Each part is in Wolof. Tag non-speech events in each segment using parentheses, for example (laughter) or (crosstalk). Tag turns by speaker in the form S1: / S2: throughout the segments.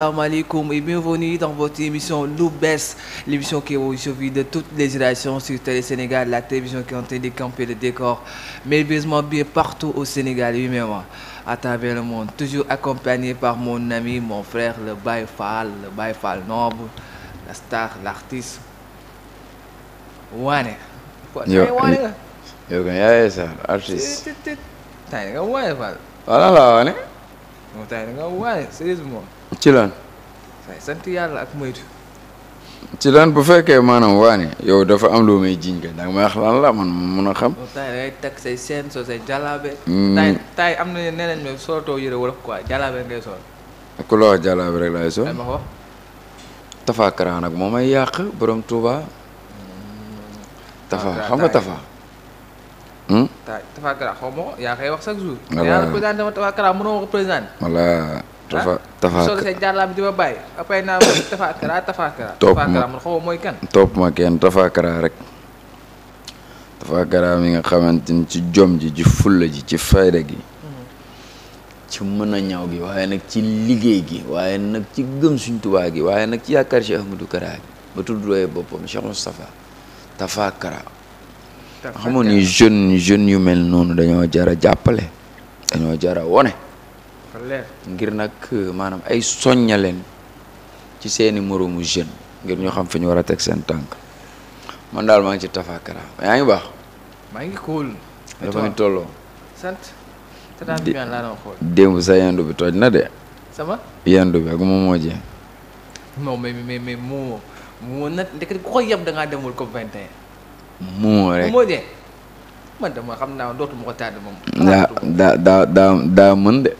S1: Asalaamaaleykum et bienvenue dans votre émission Lu Bess l'émission qui est au de toutes les générations sur Télé Sénégal la télévision qui est en train de camper le décor merveilleusement bien partout au Sénégal oui à travers le monde toujours accompagné par mon ami mon frère le Baye le Baye noble l'artiste Waane. sérieusement. ci lan. yàlla ak moytu.
S2: ci bu fekkee maanam waane yow dafa am loo may jiñ nga danga may wax lan man mun a xam.
S1: tay say seen soo mm. am na nee nañ ma solatoo yëre wala
S2: ku la wax rek laay sol. ma ko. Tafa Kara nag moo yàq borom tuuba Tafa xam nga Tafa. Hmm?
S1: Tafa Kara ko yaa koy wax
S2: chaque tafa ah? tafa soo gisee
S1: jàllaa ah,
S2: topp ma kenn tafa kara mi nga xamante ni ci jom ji ci fulla ji ci fayda gi mm-hmm. ci mën a ñaw gi waaye nag ci liggéey gi waaye nag ci gëm suñ tubaa gi waaye nag ci yaakaar Cheikh Ahmadou Kara gi ba tudd looyee boppam Cheikh Moustapha tafa kara xamoon ni jeune jeune yu mel noonu dañoo jara jàppale dañoo jara wone ngir nag euh, maanaam ay soñña leen ci seeni moroomu jeune ngir ñu xam fi ñu war a teg seen tànk man daal maa ngi ci tafakara yaa ngi baax.
S1: maa ngi tolloo.
S2: sa yendu bi toj na de. sama yendu bi ak moom moo jeex.
S1: non mais mais mais moo ko yeb da ngaa demul ko 21. moo xam naa dootuma ko tàdd moom.
S2: daa da daa daa mën de.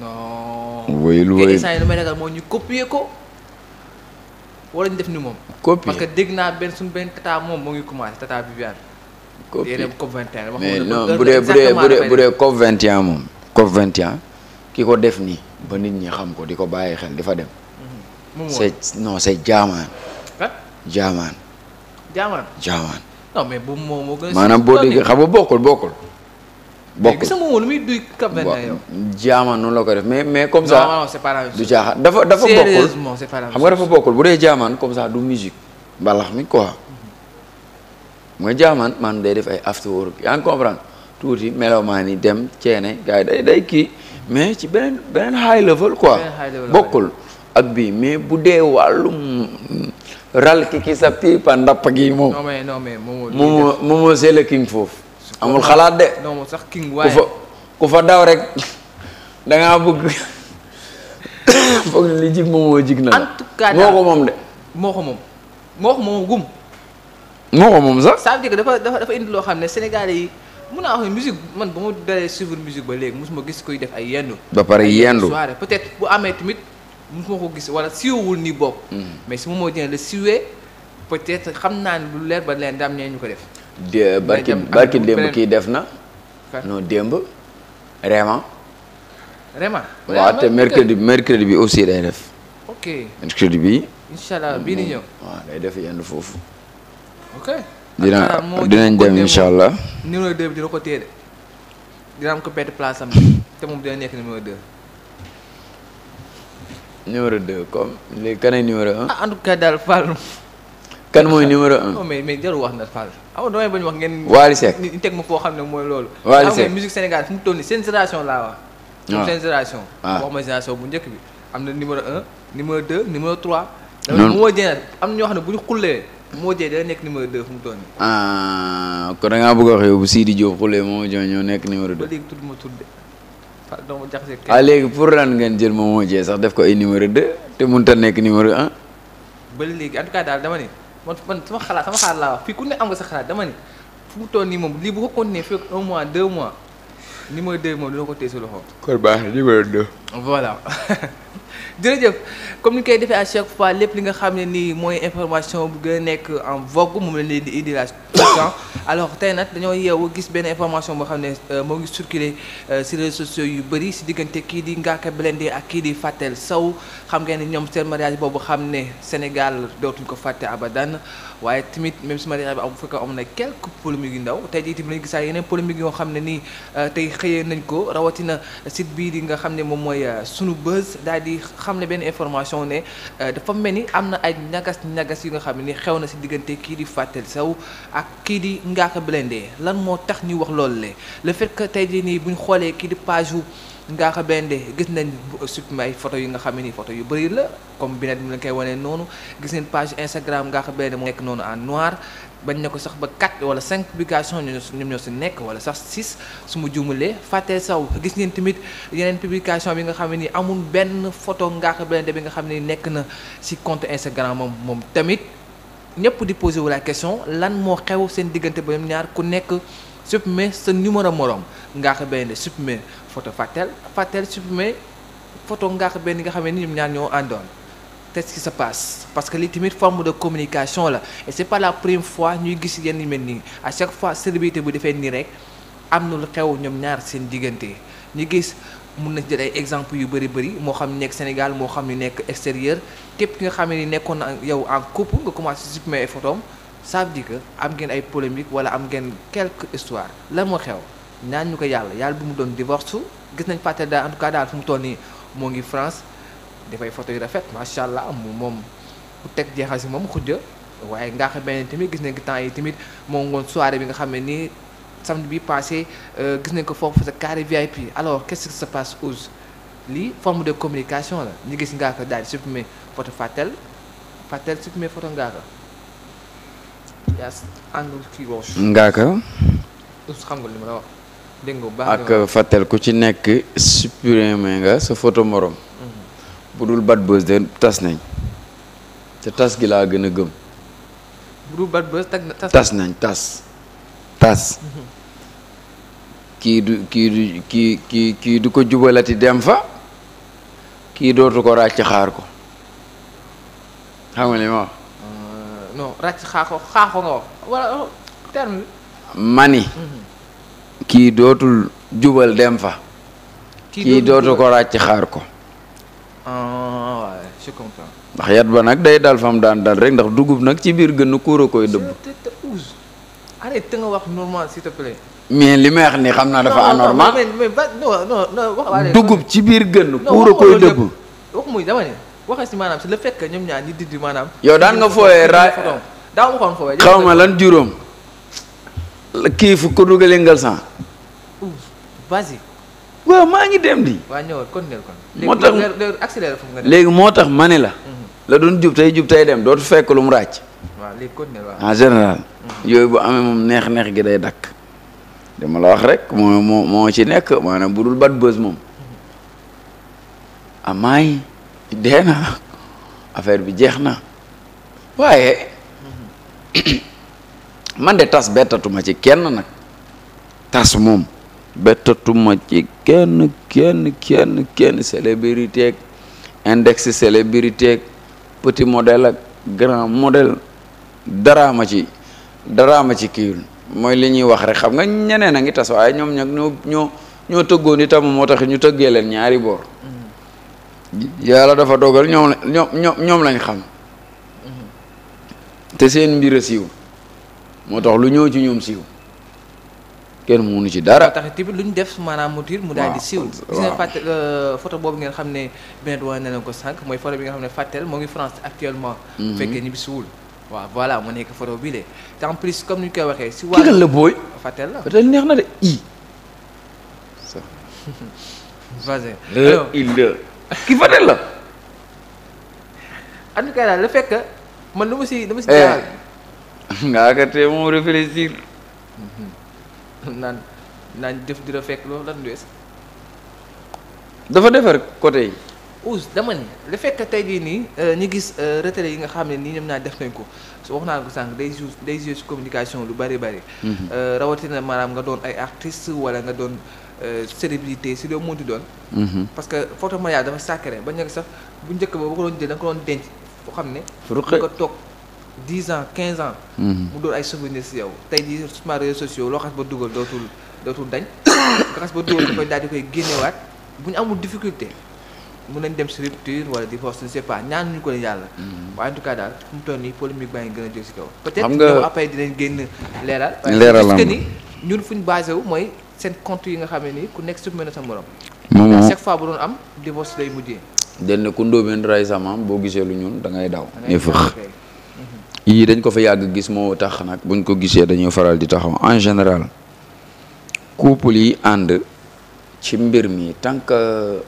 S1: non wéyul wéyul instant yi damay ragal ñu copier ko wala ñu def ni moom. copier parce dégg naa benn suñ benn tata moom moo ngi commencé tata Viviane. copier mais non bu dee bu dee bu dee bu dee
S2: COP moom. COP 21 ki ko def nii ba nit ñi xam ko di ko bàyyi xel dafa fa dem. Mm-hmm. moom mooy c'est non c'est jaamaan.
S1: kat moom maanaam boo déggee xam
S2: nga bokkul bokkul. bokkul mais gis nga moom lu muy mais comme ça. non non c'est pas du caaxaan dafa dafa bokkul sérieusement c'est dafa bokkul bu dee jaamaan comme ça du musique. mbalax mi quoi mooy jaamaan man day def ay after work yaa ngi comprendre tuuti melomaan yi dem ceene gars day day kii mais ci beneen beneen high level quoi. bokkul ak bi mais bu dee wàllum. ral ki ki sa pipa ndapp gi moom. non king foofu. amul xalaat de.
S1: non sax king waaye ku fa
S2: ku fa daw rek (laughs) da ngaa bëgg (coughs) foog ne li jig moom moo jig na la. en moom de. moo ko moom sax.
S1: ça veut dire dafa indi loo xam ne Sénégal yi mun man ba ma dalee suivre ba léegi mosuma gis koy def ay yendu. ba pare yendu soirée peut-être bu amee tamit mosuma ko gis wala siiwul nii bokk. Hmm. mais su moo dina la siiwee peut xam naa ne lu leer ba leen daam nee ñu ko def. de barki démb kii def
S2: na. non démb vraiment.
S1: vraiment waaw te
S2: mercredi bi aussi day def. ok mercredi bi.
S1: incha allah bii di ñëw. Mm, waaw day def yenn foofu.
S2: dina dinañ dem incha allah.
S1: numéro 2 bi dina ko téye de. dina am ko perte place am te moom dina nekk numéro 2.
S2: numéro 2 comme léegi kanay numéro
S1: ah en daal Fallou. kan mooy numéro un. non mais mais jarul wax na Fall. aw ah damay bañ wax ngeen. Wally Seck ñu teg ma foo xam ne mooy loolu. Wally ah, Seck musique Sénégal fi mu toll nii seen génération laa wax.
S3: waaw ah. seen génération.
S1: bu njëkk bi am na numéro un numéro deux numéro trois. noonu moo am ñoo xam ne bu ñu xullee moo jëlee nekk numéro deux fu mu toll
S2: nii. kon da ngaa bëgg a wax yow bu Sidi Diop xullee moo ñoo nekk numéro deux. ba
S1: léegi tudd ma tudde. ah léegi pour lan
S2: ngeen jël moom moo jee sax def ko ay numéro de te mënut a nekk numéro
S1: ba léegi en tout man man sama xalaat sama xalaat laa wax fii ku ne am nga sa xalaat dama ni fu mu toll nii moom lii bu ko continuer fekk un mois deux mois numéro deux moom dina ko téye sa loxo.
S2: kon baax numéro deux.
S1: voilà (laughs) jërëjëf comme ni koy defee à chaque fois lépp li nga xam ne nii mooy information bu gën nekk en vogue moom la leen di indi la alors tey nag dañoo yeewu gis benn information boo xam ne euh, moo ngi circuler euh, ci réseaux sociaux bëri ci diggante kii di Ngaaka Blindé ak kii di Fatel Sow xam ngeen ni ñoom seen mariage boobu xam ne Sénégal dootuñ ko fàtte abadan waaye tamit même si mariage bi am fekk am na quelques polémiques yu ndaw tey jii tamit lañu gisaa yeneen polémiques yoo xam ne nii euh, tey xëyee nañ ko rawatina site bii di nga xam ne moom mooy mooy euh, sunu buzz daal di xam ne benn information ne euh, dafa mel ni am na ay ñagas ñagas yu nga xam ne xew na si diggante kii di Fatel Sow ak kii di Ngaaka Blindé lan moo tax ñuy wax loolu le le fait tey jii nii bu ñu xoolee kii di page Ngaaka Blindé gis nañ surtout ay photo yu nga xam ne nii photo yu bëri la comme bi mu la koy wanee noonu gis nañ page Instagram Ngaaka Blindé mu nekk noonu en noir bañ na ko sax ba 4 wala 5 publication ñoom ñoo si nekk wala sax 6 suma ma juumalee fàttee saw gis ngeen tamit yeneen publication bi nga xam ne ni amul benn photo Ngaaka Blindé bi nga xam ne nekk na si compte Instagram moom moom tamit ñëpp di posé wu la question lan moo xew seen diggante ba ñaar ku nekk supprimer sa numéro morom Ngaaka Blindé supprimer photo Fatel Fatel supprimer photo Ngaaka Blindé nga xam ne ni ñoom ñaar ñoo àndoon. qu'est-ce qui se passe parce que lii tamit forme de communication la et c'est pas la première fois ñuy gis yenn yu mel nii à chaque fois célébrité bu defee nii rek am na lu xew ñoom ñaar seen diggante ñu gis mun na jël ay exemples yu bëri bëri moo xam ni nekk Sénégal moo xam ni nekk extérieur képp ki nga xam ne nekkoon na yow en couple nga commencé supprimer ay photos ça que am ngeen ay polémique wala am ngeen quelque histoire lan moo xew ñaan ñu ko yàlla yàlla bu mu doon divorce gis nañ fàttali daal en moo ngi France. dafay photo yu rafet macha allah mu moom bu teg jeexal si moom xujja waaye nga xam beneen tamit gis nañ ko temps yi tamit moo ngoon soirée bi nga xam ne nii samedi bi passé euh, gis nañ ko foofu sa carré VIP alors qu'est-ce qui se lii forme de communication la ñu gis ngaa ko daal di supprimer photo Fatel Fatel supprimer photo ngaa xam nga li ma la wax dégg
S2: nga ci nekk supprimer nga sa photo morom. bu dul bad buzz de tas nañ te tas gi laa gën a gëm. bu tas nañ tas tas. kii du kii du kii kii kii du ko jubalati dem fa kii dootu ko ràcc xaar ko xam mani. Euh, oh, mhm. kii dootul jubal dem fa.
S4: kii dootu
S2: ko ràcc xaar ko.
S1: Ah,
S2: ndax yat ba nag day dal fam daan dal rek ndax dugub nag ci biir gën kuur a koy dëbb.
S1: wax
S2: mais li may ni xam naa dafa anormal dugub ci biir gën kuur a koy dëbb.
S1: waxumuy dama ne yow
S2: daan nga fooyee ra
S1: daaw
S2: ma lan juróom. kii fu ko dugalee ngal san
S1: waaw maa ngi dem di. waaw ñëwal continuer kon. moo tax accéléré foofu nga léegi moo tax ma ne la. Mhm.
S2: la doon jub tey jub tey dem dootu fekk lu mu ràcc.
S1: waaw léegi continuer en
S2: général. Mhm. yooyu bu amee moom neex neex gi day dakk dama la wax rek moo moo ci nekk maanaam bu dul bat bës moom. Mhm. amaay dee na affaire bi jeex na waaye (coughs) man de tas bettatuma ci kenn nag tas moom. bettatuma ci kenn kenn kenn kenn célébrité ak index célébrité ak petit modèle ak grand modèle daraa ma ci daraa ci kiiwul mooy li ñuy wax rek xam nga ñeneen a ngi tas waaye ñoom ñag ñoo tëggoon itam moo tax ñu tëggee leen ñaari boor yàlla dafa dogal ñoom la ñoom ñoom ñoom lañ xam te seen mbir a siiw moo tax lu ñëw ci ñoom siiw kenn mënu ci dara. moo
S1: tax lu ñu def maanaam mu tiir mu daal di siiw. Euh, boobu ngeen xam ne benn doyen na ko sànq mooy photo bi nga xam ne Fatel moo ngi France actuellement. bu mhm. fekkee ñibbi siwul waaw voilà moo nekk photo bii de te en plus comme ni ñu koy waxee. si wàllu kii la booy. Fatel la Fatel na de i. (laughs) vas-y.
S2: il kii Fatel la.
S1: en tout cas daal la fekk man lu ma si lu ma si. jaaraale.
S2: ngaa ko tee moom réfléchir.
S1: Mhm. (laughs) naan naan def di la fekk loolu lan wees
S2: dafa defar côté yi.
S1: Ousse dama ni le fait que tey jii nii euh, ñu gis euh, retrait yi nga xam ne nii ñoom naa def nañ ko su wax naa ko sànq day jus day jus communication lu bari bari. Mhm. Euh, rawatina maanaam nga doon ay artiste wala nga doon célébrité si loo mënti doon. Mhm. parce que photo mariage dafa sacré ba ñu sax bu njëkk ba bu ko doon jël da doon denc foo xam ne. ruqe ko toog. dix ans quinze ans. Mm-hmm. mu doon ay souvenir si yow tey jii suma réseaux sociaux loo xas ba dugal dootul dootul dañ. (coughs) loo xas ba dugal da koy daal di koy génnewaat bu ñu amul difficulté mun nañ dem si rupture wala di je ne sais pas ñaanuñu ko yàlla. Mm-hmm. waaye en tout cas daal fu si kaw. peut-être ñoom après dinañ génn leeral. leeralam parce que ni ñun fu ñu basé wu mooy seen compte yi nga xame ne nii ku nekk supprimé na sa morom. moom mm-hmm. chaque fois bu doon am divorce lay mujjee.
S2: den ku ndóobeen ray sama boo gisee lu ñun da ngay da yii dañ ko fa yàgg gis moo tax nag buñ ko gisee dañuy faral di taxaw en général couple yi ànd ci mbir mi tant que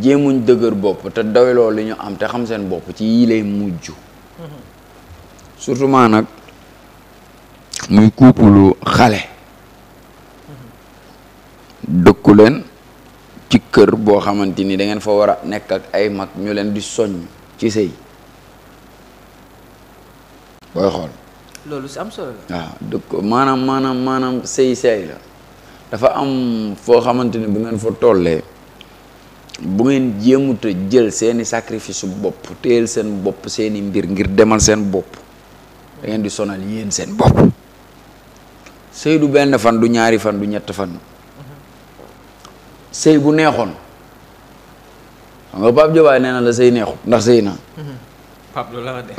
S2: jéemuñ dëgër bopp te doyloo li ñu am te xam seen bopp ci yii lay mujj surtout nag muy couple xale dëkku leen ci kër boo xamante ni dangeen ngeen fa war a nekk ak ay mag ñu leen di soññ ci sëy booy xool.
S1: loolu si am solo
S2: waaw du ko maanaam maanaam maanaam sëy sëy la dafa am foo xamante ni bu ngeen foo tollee bu ngeen jéemuta jël seeni sacrifice bopp téyel seen bopp seeni mbir ngir demal seen bopp da di sonal yéen seen bopp sëy du benn fan du ñaari fan du ñett fan sëy bu neexoon xam nga Pape Jobaay nee na la sëy neexut ndax sëy naa
S1: mhm. Pape la la bu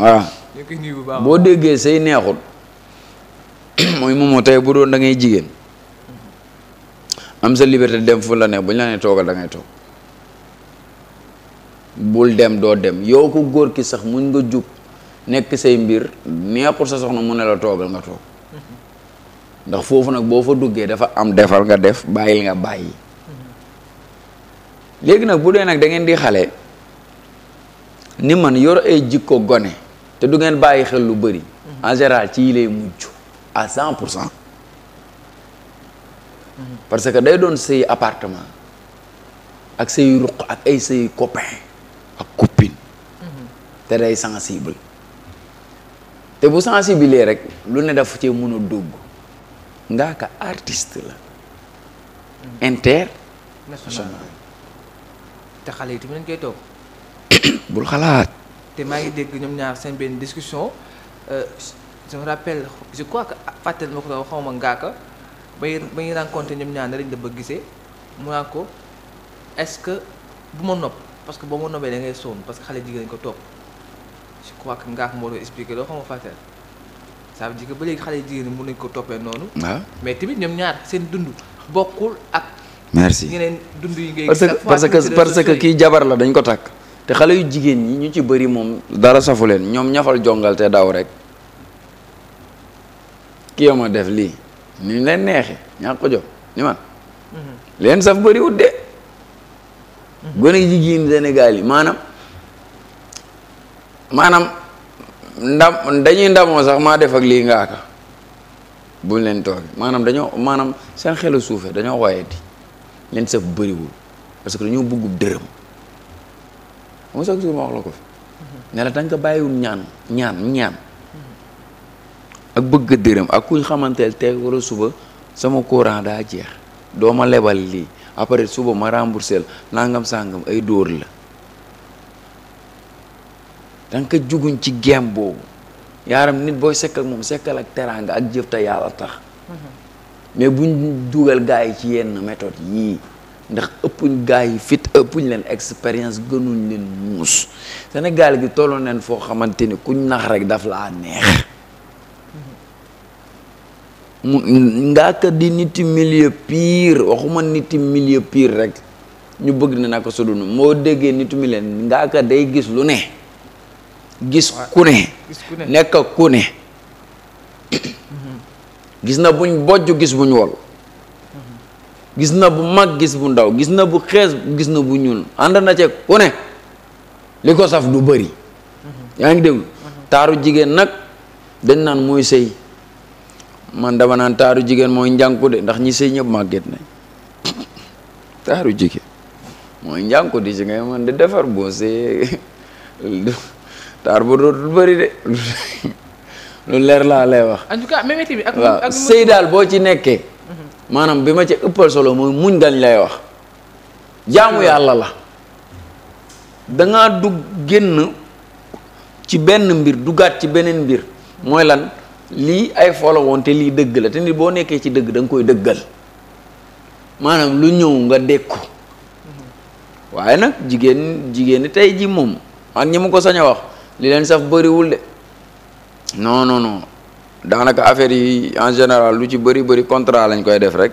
S1: baax boo
S2: déggee say neexul (coughs) mooy moomoo tey bu doon da jigéen am sa liberté dem fu la neex bu ñu la ne toogal da ngay toog bul dem doo dem yow ko góor ki sax mun nga jub nekk say mbir neexul sa soxna mu ne la toogal nga toog ndax foofu nag boo fa duggee dafa am defal nga def bàyyil nga bàyyi mm-hmm. léegi nag bu dee nag dangeen di xale ni man yor ay jikko gone te du ngeen bàyyi xel lu bëri mm-hmm. en général ci yi lay mujj à cent pour cent mm-hmm. parce que day doon sëy appartement ak sëy ruq ak ay sëy copain ak copine
S1: mm-hmm.
S2: te day sensible te bu sensible rek lu ne dafa cee mën a dugg ngaa ka artiste la inter
S1: te xale yi tamit dañ koy toog
S2: (coughs) bul xalaat.
S1: te maa ngi dégg ñoom ñaar seen benn discussion euh, je me rappelle je crois que ah, fàttel ma ko doon xaw ma ngaaka ba ñu ba ñu rencontré ñoom ñaar ne lañ la ba gisee mu naan ko est-ce que bu ma nopp parce que boo ma noppee da ngay sonn parce que xale jigéen ko topp je crois que ngaaka moo doon expliqué loo xaw ma fàttel ça veut dire ba léegi xale jigéen ñi nañ ko toppee noonu. waaw mais tamit ñoom ñaar seen dund bokkul ak. merci ñeneen dund yi ngay. parce que parce que que kii
S2: jabar la dañ ko takk. xale yu jigéen ñi ñu ci bari moom dara safu leen ñoom ñafal jongal te daw rek ki ma def lii ni leen neexe ñaa ko ni man mhm. leen saf bëriwut de mhm. gone jigéen Sénégal yi maanaam maanaam ndam dañuy ndamoo sax maa def ak lii ngaaka buñ leen tooge maanaam dañoo maanaam seen xelu suufe dañoo waaye di leen saf bëriwul parce que dañoo bëggub dërëm moom chaque jour ma wax la ko fi ne la danga bàyyiwul ñaan ñaan ñaan ak bëgg dërëm ak kuñ xamanteel tey wala suba sama courant daa jeex dooma lebal li après suba ma remboursé la nangam sàngam ay dóor la danga ko juguñ ci gem boobu yaaram nit booy sekk ak moom sekkal ak teraanga ak jëf te yàlla tax mhm. mais buñ dugal gars ci yenn méthode yii ndax ëppuñ gaa yi fit ëppuñ leen expérience gënuñ leen muus Sénégal gi tolloon leen foo xamante ni kuñ nax rek daf laa neex mu ngaa ka di niti milieu pire waxuma niti milieu pire rek ñu bëgg ne naka su dunu moo déggee nitu milieu ngaa ka day gis lu ne gis ku ne nekk ku ne (coughs) gis na buñ bojj gis buñ wol gis na bu mag gis bu ndaw gis na bu xees gis na bu ñuul ànd na ci ku ne li ko saf du bëri yaa ngi déglu taaru jigéen nag dañ naan mooy sëy man dama naan taaru jigéen mooy njànku de ndax ñi sëy ñëpp màgget (laughs) taaru jigéen mooy njànku di ci ngay man di defar boo sëy (laughs) taar ba dootul bëri de (laughs) lu leer laa lay wax
S1: en tout
S2: sëy daal boo ci nekkee maanaam bi ma ci ëppal solo mooy muñ dañ lay wax jaamu yàlla la dangaa dugg génn ci benn mbir duggaat ci beneen mbir mooy lan lii ay folo woon te lii dëgg la te nit boo nekkee ci dëgg da koy dëggal maanaam lu ñëw nga ko waaye nag jigéen jigéen tey ji moom ak ñi ma ko sañ a wax li leen saf bëriwul de non daanaka affaire yi en général lu ci bëri bëri contrat lañ koy def rek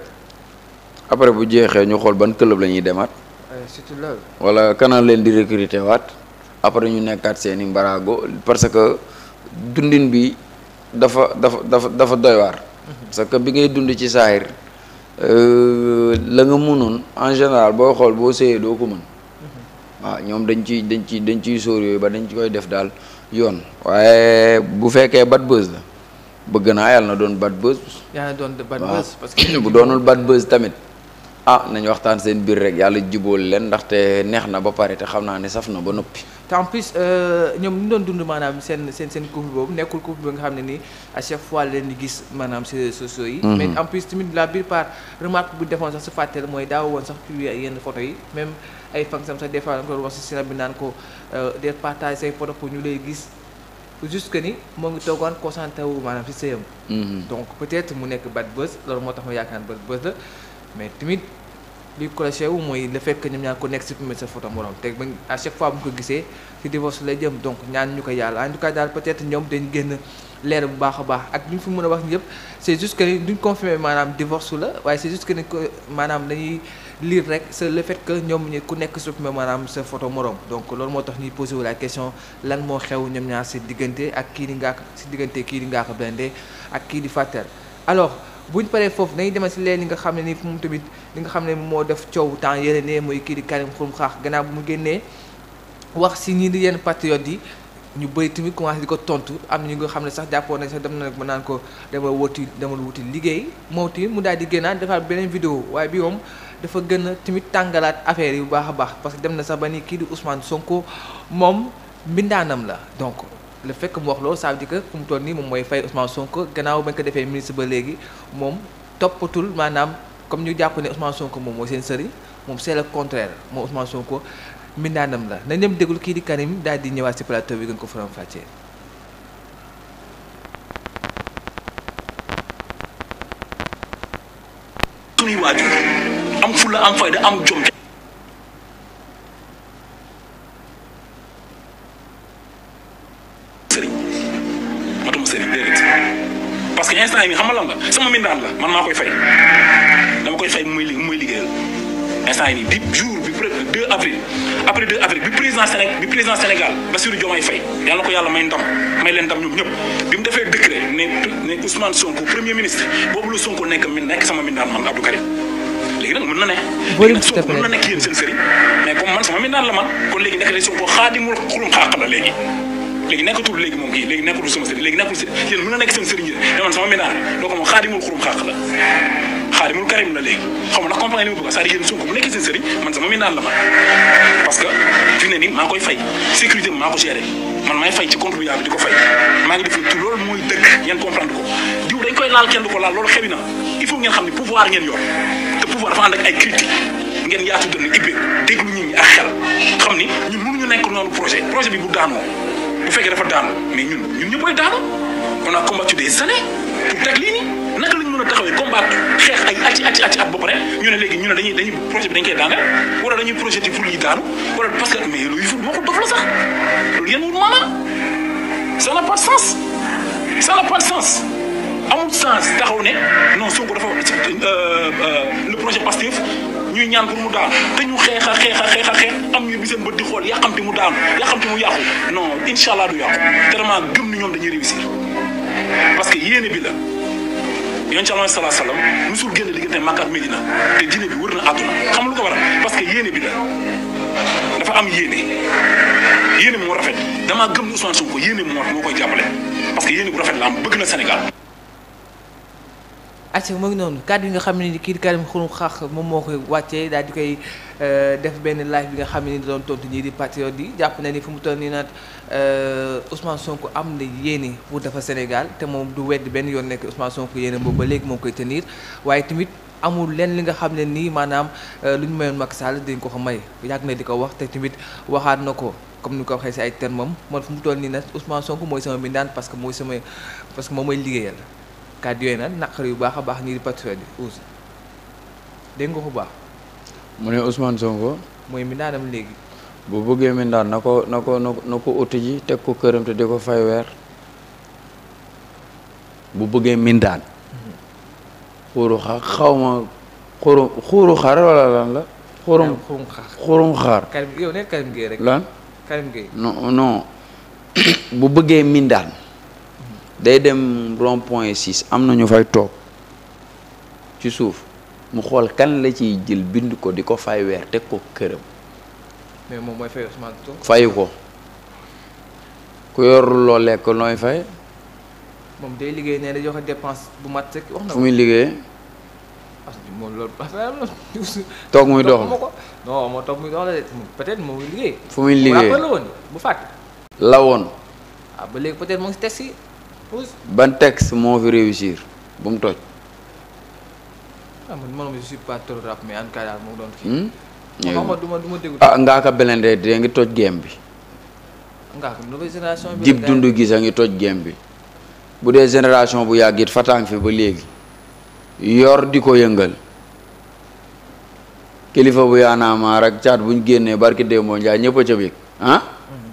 S2: après bu jeexee ñu xool ban club la ñuy demaat. surtout loolu. wala kanam leen di recruter waat après ñu nekkaat seen i mbaraago parce que dundin bi dafa dafa dafa dafa doy mhm. parce que bi ngay dund ci saahir euh, la nga mënoon en général boo xool boo seeyee doo ko mën. Mhm. waaw ñoom dañ ciy dañ ciy dañ ciy sóor yooyu ba dañ ci koy def daal yoon. waaye bu fekkee bat buzz la. bëgg naa yàlla na doon bad buzz. yàlla na doon bad buzz parce que (coughs) bu doonul bad buzz tamit ah nañu waxtaan seen biir rek yàlla jibool leen ndaxte neex na ba pare te xam naa ne saf na ba noppi.
S1: te en plus euh, ñoom ñu doon dund maanaam seen seen seen couple boobu nekkul couple bi nga xam ne nii à chaque fois leen di gis maanaam ci réseaux yi. Mhm. mais en tamit la biir part remarque bu defoon sax su fàtteel mooy daaw woon sax publier yenn photo yi même ay fan sax des fois bi naan ko euh, des partage say photo juste que ni moo ngi toogoon concentré wu maanaam si sëyam mm-hmm. donc peut mu nekk bad buzz loolu moo tax ma yaakaar bad buzz la mais tamit luy cloché wu mooy le fait que ñoom ñaar ko nekk supprimer sa photo morom te ba à chaque ñaan ñu ko yàlla en tout cas daal peut ñoom dañ génn leer bu baax a baax ak li ñu fi mën a wax ñëpp c'est juste que duñ confirmer maanaam divorce la waaye c'est juste que ni maanaam dañuy lire rek c'est le fait que ñoom ñi ku nekk suuf maanaam sa photo morom donc loolu moo tax ñuy posé wu la question lan moo xew ñoom ñaar si diggante ak kii di Ngaaka si diggante kii di Ngaaka Blindé ak kii di Fatel alors buñ paree foofu dañuy demee si leen li nga xam ne ni fu tamit li nga xam ne moo def coow temps yële ne mooy kii di Karim Xurum Xaax gannaaw bu mu génnee wax si ñii di yenn patriotes yi ñu bëri tamit commencé di ko tontu am na ñu nga xam ne sax jàppoo nañ sax dem na nag mën naan ko demal wuti damal wuti liggéey moom tamit mu daal di génnaat defaat beneen vidéo waaye bi moom dafa gën a tamit tàngalaat affaire yu baax a baax parce que dem na sax ba ni kii di Ousmane Sonko moom mbindaanam la donc le fekk que mu wax loolu ça veut toll nii moom mooy fay Ousmane Sonko gannaaw bañ ko defee ministre ba léegi moom toppatul maanaam comme ñu jàpp ne Ousmane Sonko moom mooy seen sëriñ moom c'est le contraire moom Ousmane Sonko mbindaanam la nañ dem déglu kii di Karim daal di ñëwaat ci plateau bi gën ko faram fàccee.
S3: suñuy am fulla am fayda am jom sëriñ matuma sëriñ déedéet parce que instant yi xam nga lan la sama mindaan la man naa koy fay dama koy fay muy muy liggéeyal instant yi nii di jour bi deux avril après deux avril bi président Séné bi président Sénégal Bassirou Diomaye Faye yàlla na ko yàlla may ndam may leen ndam ñoom ñëpp bi mu defee décret ne ne Ousmane Sonko premier ministre boobu la Sonko nekk nekk sama mindaan man Abdou Karim léegi nag mën na ne. boo leen gis mën na nekk yéen seen sëriñ mais comme man sama mi naan la man kon léegi nekk na Sonko xaadimul xulum xaax la léegi. léegi nekkatul léegi moom kii léegi nekkatul sama sëriñ léegi nekkul si yéen mën na nekk seen sëriñ yi mais man sama mi naan la donc moom xaadimul xulum xaax la xaadimul karim la léegi xaw ma nag comprendre ni ma bëgg c'est-à-dire yéen Sonko bu nekkee seen sëriñ man sama mi naan la man parce que fi ne nii maa koy fay sécurité maa ko géré man may fay ci contribuable bi di ko fay maa ngi def ci loolu mooy dëkk ngeen comprendre ko diw dañ koy laal kenn du ko laal loolu xewi na il faut ngeen xam ne pouvoir ngeen yor te pouvoir dafa ànd ak ay critique ngeen yaatu dënn ibbe déglu nit ñi ak nekk noonu projet projet bi bu daanoo bu fekkee dafa daanu mais ñun ñun ñëppooy daanu on a combattu des années pour teg lii nii naka lañ mën a taxawee combattre xeex ay ati ati at ba pare ñu ne léegi ñu ne dañuy dañuy projet bi dañ koy daaneel wala dañuy projet yi pour ñu daanu que mais loolu yëpp moo ko dof la sax loolu yéen n'a pas sens ça sens taxaw ne non Sonko dafa euh, euh, le projet Pastef ñuy ñaan pour mu daanu te ñu xeex a xeex a xeex a xeex am ñu bi seen bët di xool ti mu daanu yàqamti mu yàqu non incha allah du yàqu tellement gëm ni ñoom dañuy réussir parce que yéene bi la. yoon ci alhamdulilah salaa salaam musul génn diggante Makka ak Medina te diine bi wër na àdduna lu ko waral parce que yéene bi la dafa am yéene yéene moo rafet damaa gëm ne Ousmane ko yéene moo moo koy jàppale parce que yéene bu rafet la am bëgg na Sénégal.
S1: acca mu ngi noonu kàddu yi nga xam ne ni kii di Karim moom moo koy wàccee daal di koy euh, def benn live bi nga xam ne ni doon tontu ñii di patriote yi jàpp na ni fu mu toll nii naat euh, Ousmane Sonko am na yéene pour dafa Sénégal te moom du wedd benn yoon nekk Ousmane Sonko yéene boobu ba léegi moo koy tenir amul lenn li nga xam ne nii maanaam euh, lu ñu mayoon Macky ko wax te tamit waxaat na ko ko waxee si ay man fu mu toll nii nag Ousmane Sonko mooy sama mbindaan parce que mooy sama parce que moom mooy liggéeyal. kàddu yooyu nag naqar yu baax a baax ñi di patriote yi Ouza dégg nga ko baax.
S2: mu ne Ousmane Sonko.
S1: mooy mindaanam léegi.
S2: bu bëggee mindaan na ko na ko na ji teg ko këram te di ko fay weer bu bëggee mindaan. xuuru xaar xaw ma xurum xuuru xaar wala lan la.
S1: xurum xurum xaar. lan Karim Gueye.
S2: (coughs) bu bëggee mindaan. day dem rond point six am na ñu fay toog ci suuf mu xool kan la ciy jël bind ko di ko fay weer teg ko këram.
S1: mais moom mooy fay Ousmane
S2: fayu ko ku yorul loo lekk nooy fay.
S1: moom day liggéey nee na joxe dépense bu mat rek wax na fu muy liggéeyee. Ah, moom loolu affaire la. (laughs) toog muy dox toog muy dox la peut-être moom liggéey. fu muy liggéey la woon bu fàtte. Ah, ba léegi peut-être ngi si yi. ban
S2: texte moo fi réussir bu mu toj.
S1: ah man je suis pas trop rap hmm? ah,
S2: ngi toj game bi. Dip Doundou Guiss a ngi toj game bi. bu dee génération bu yàgg it fataang fi ba léegi. yor di ko yëngal. kilifa bu yaanaama rek caat buñ génnee barki démboo Ndiaye ñëpp a ca ah. Hmm.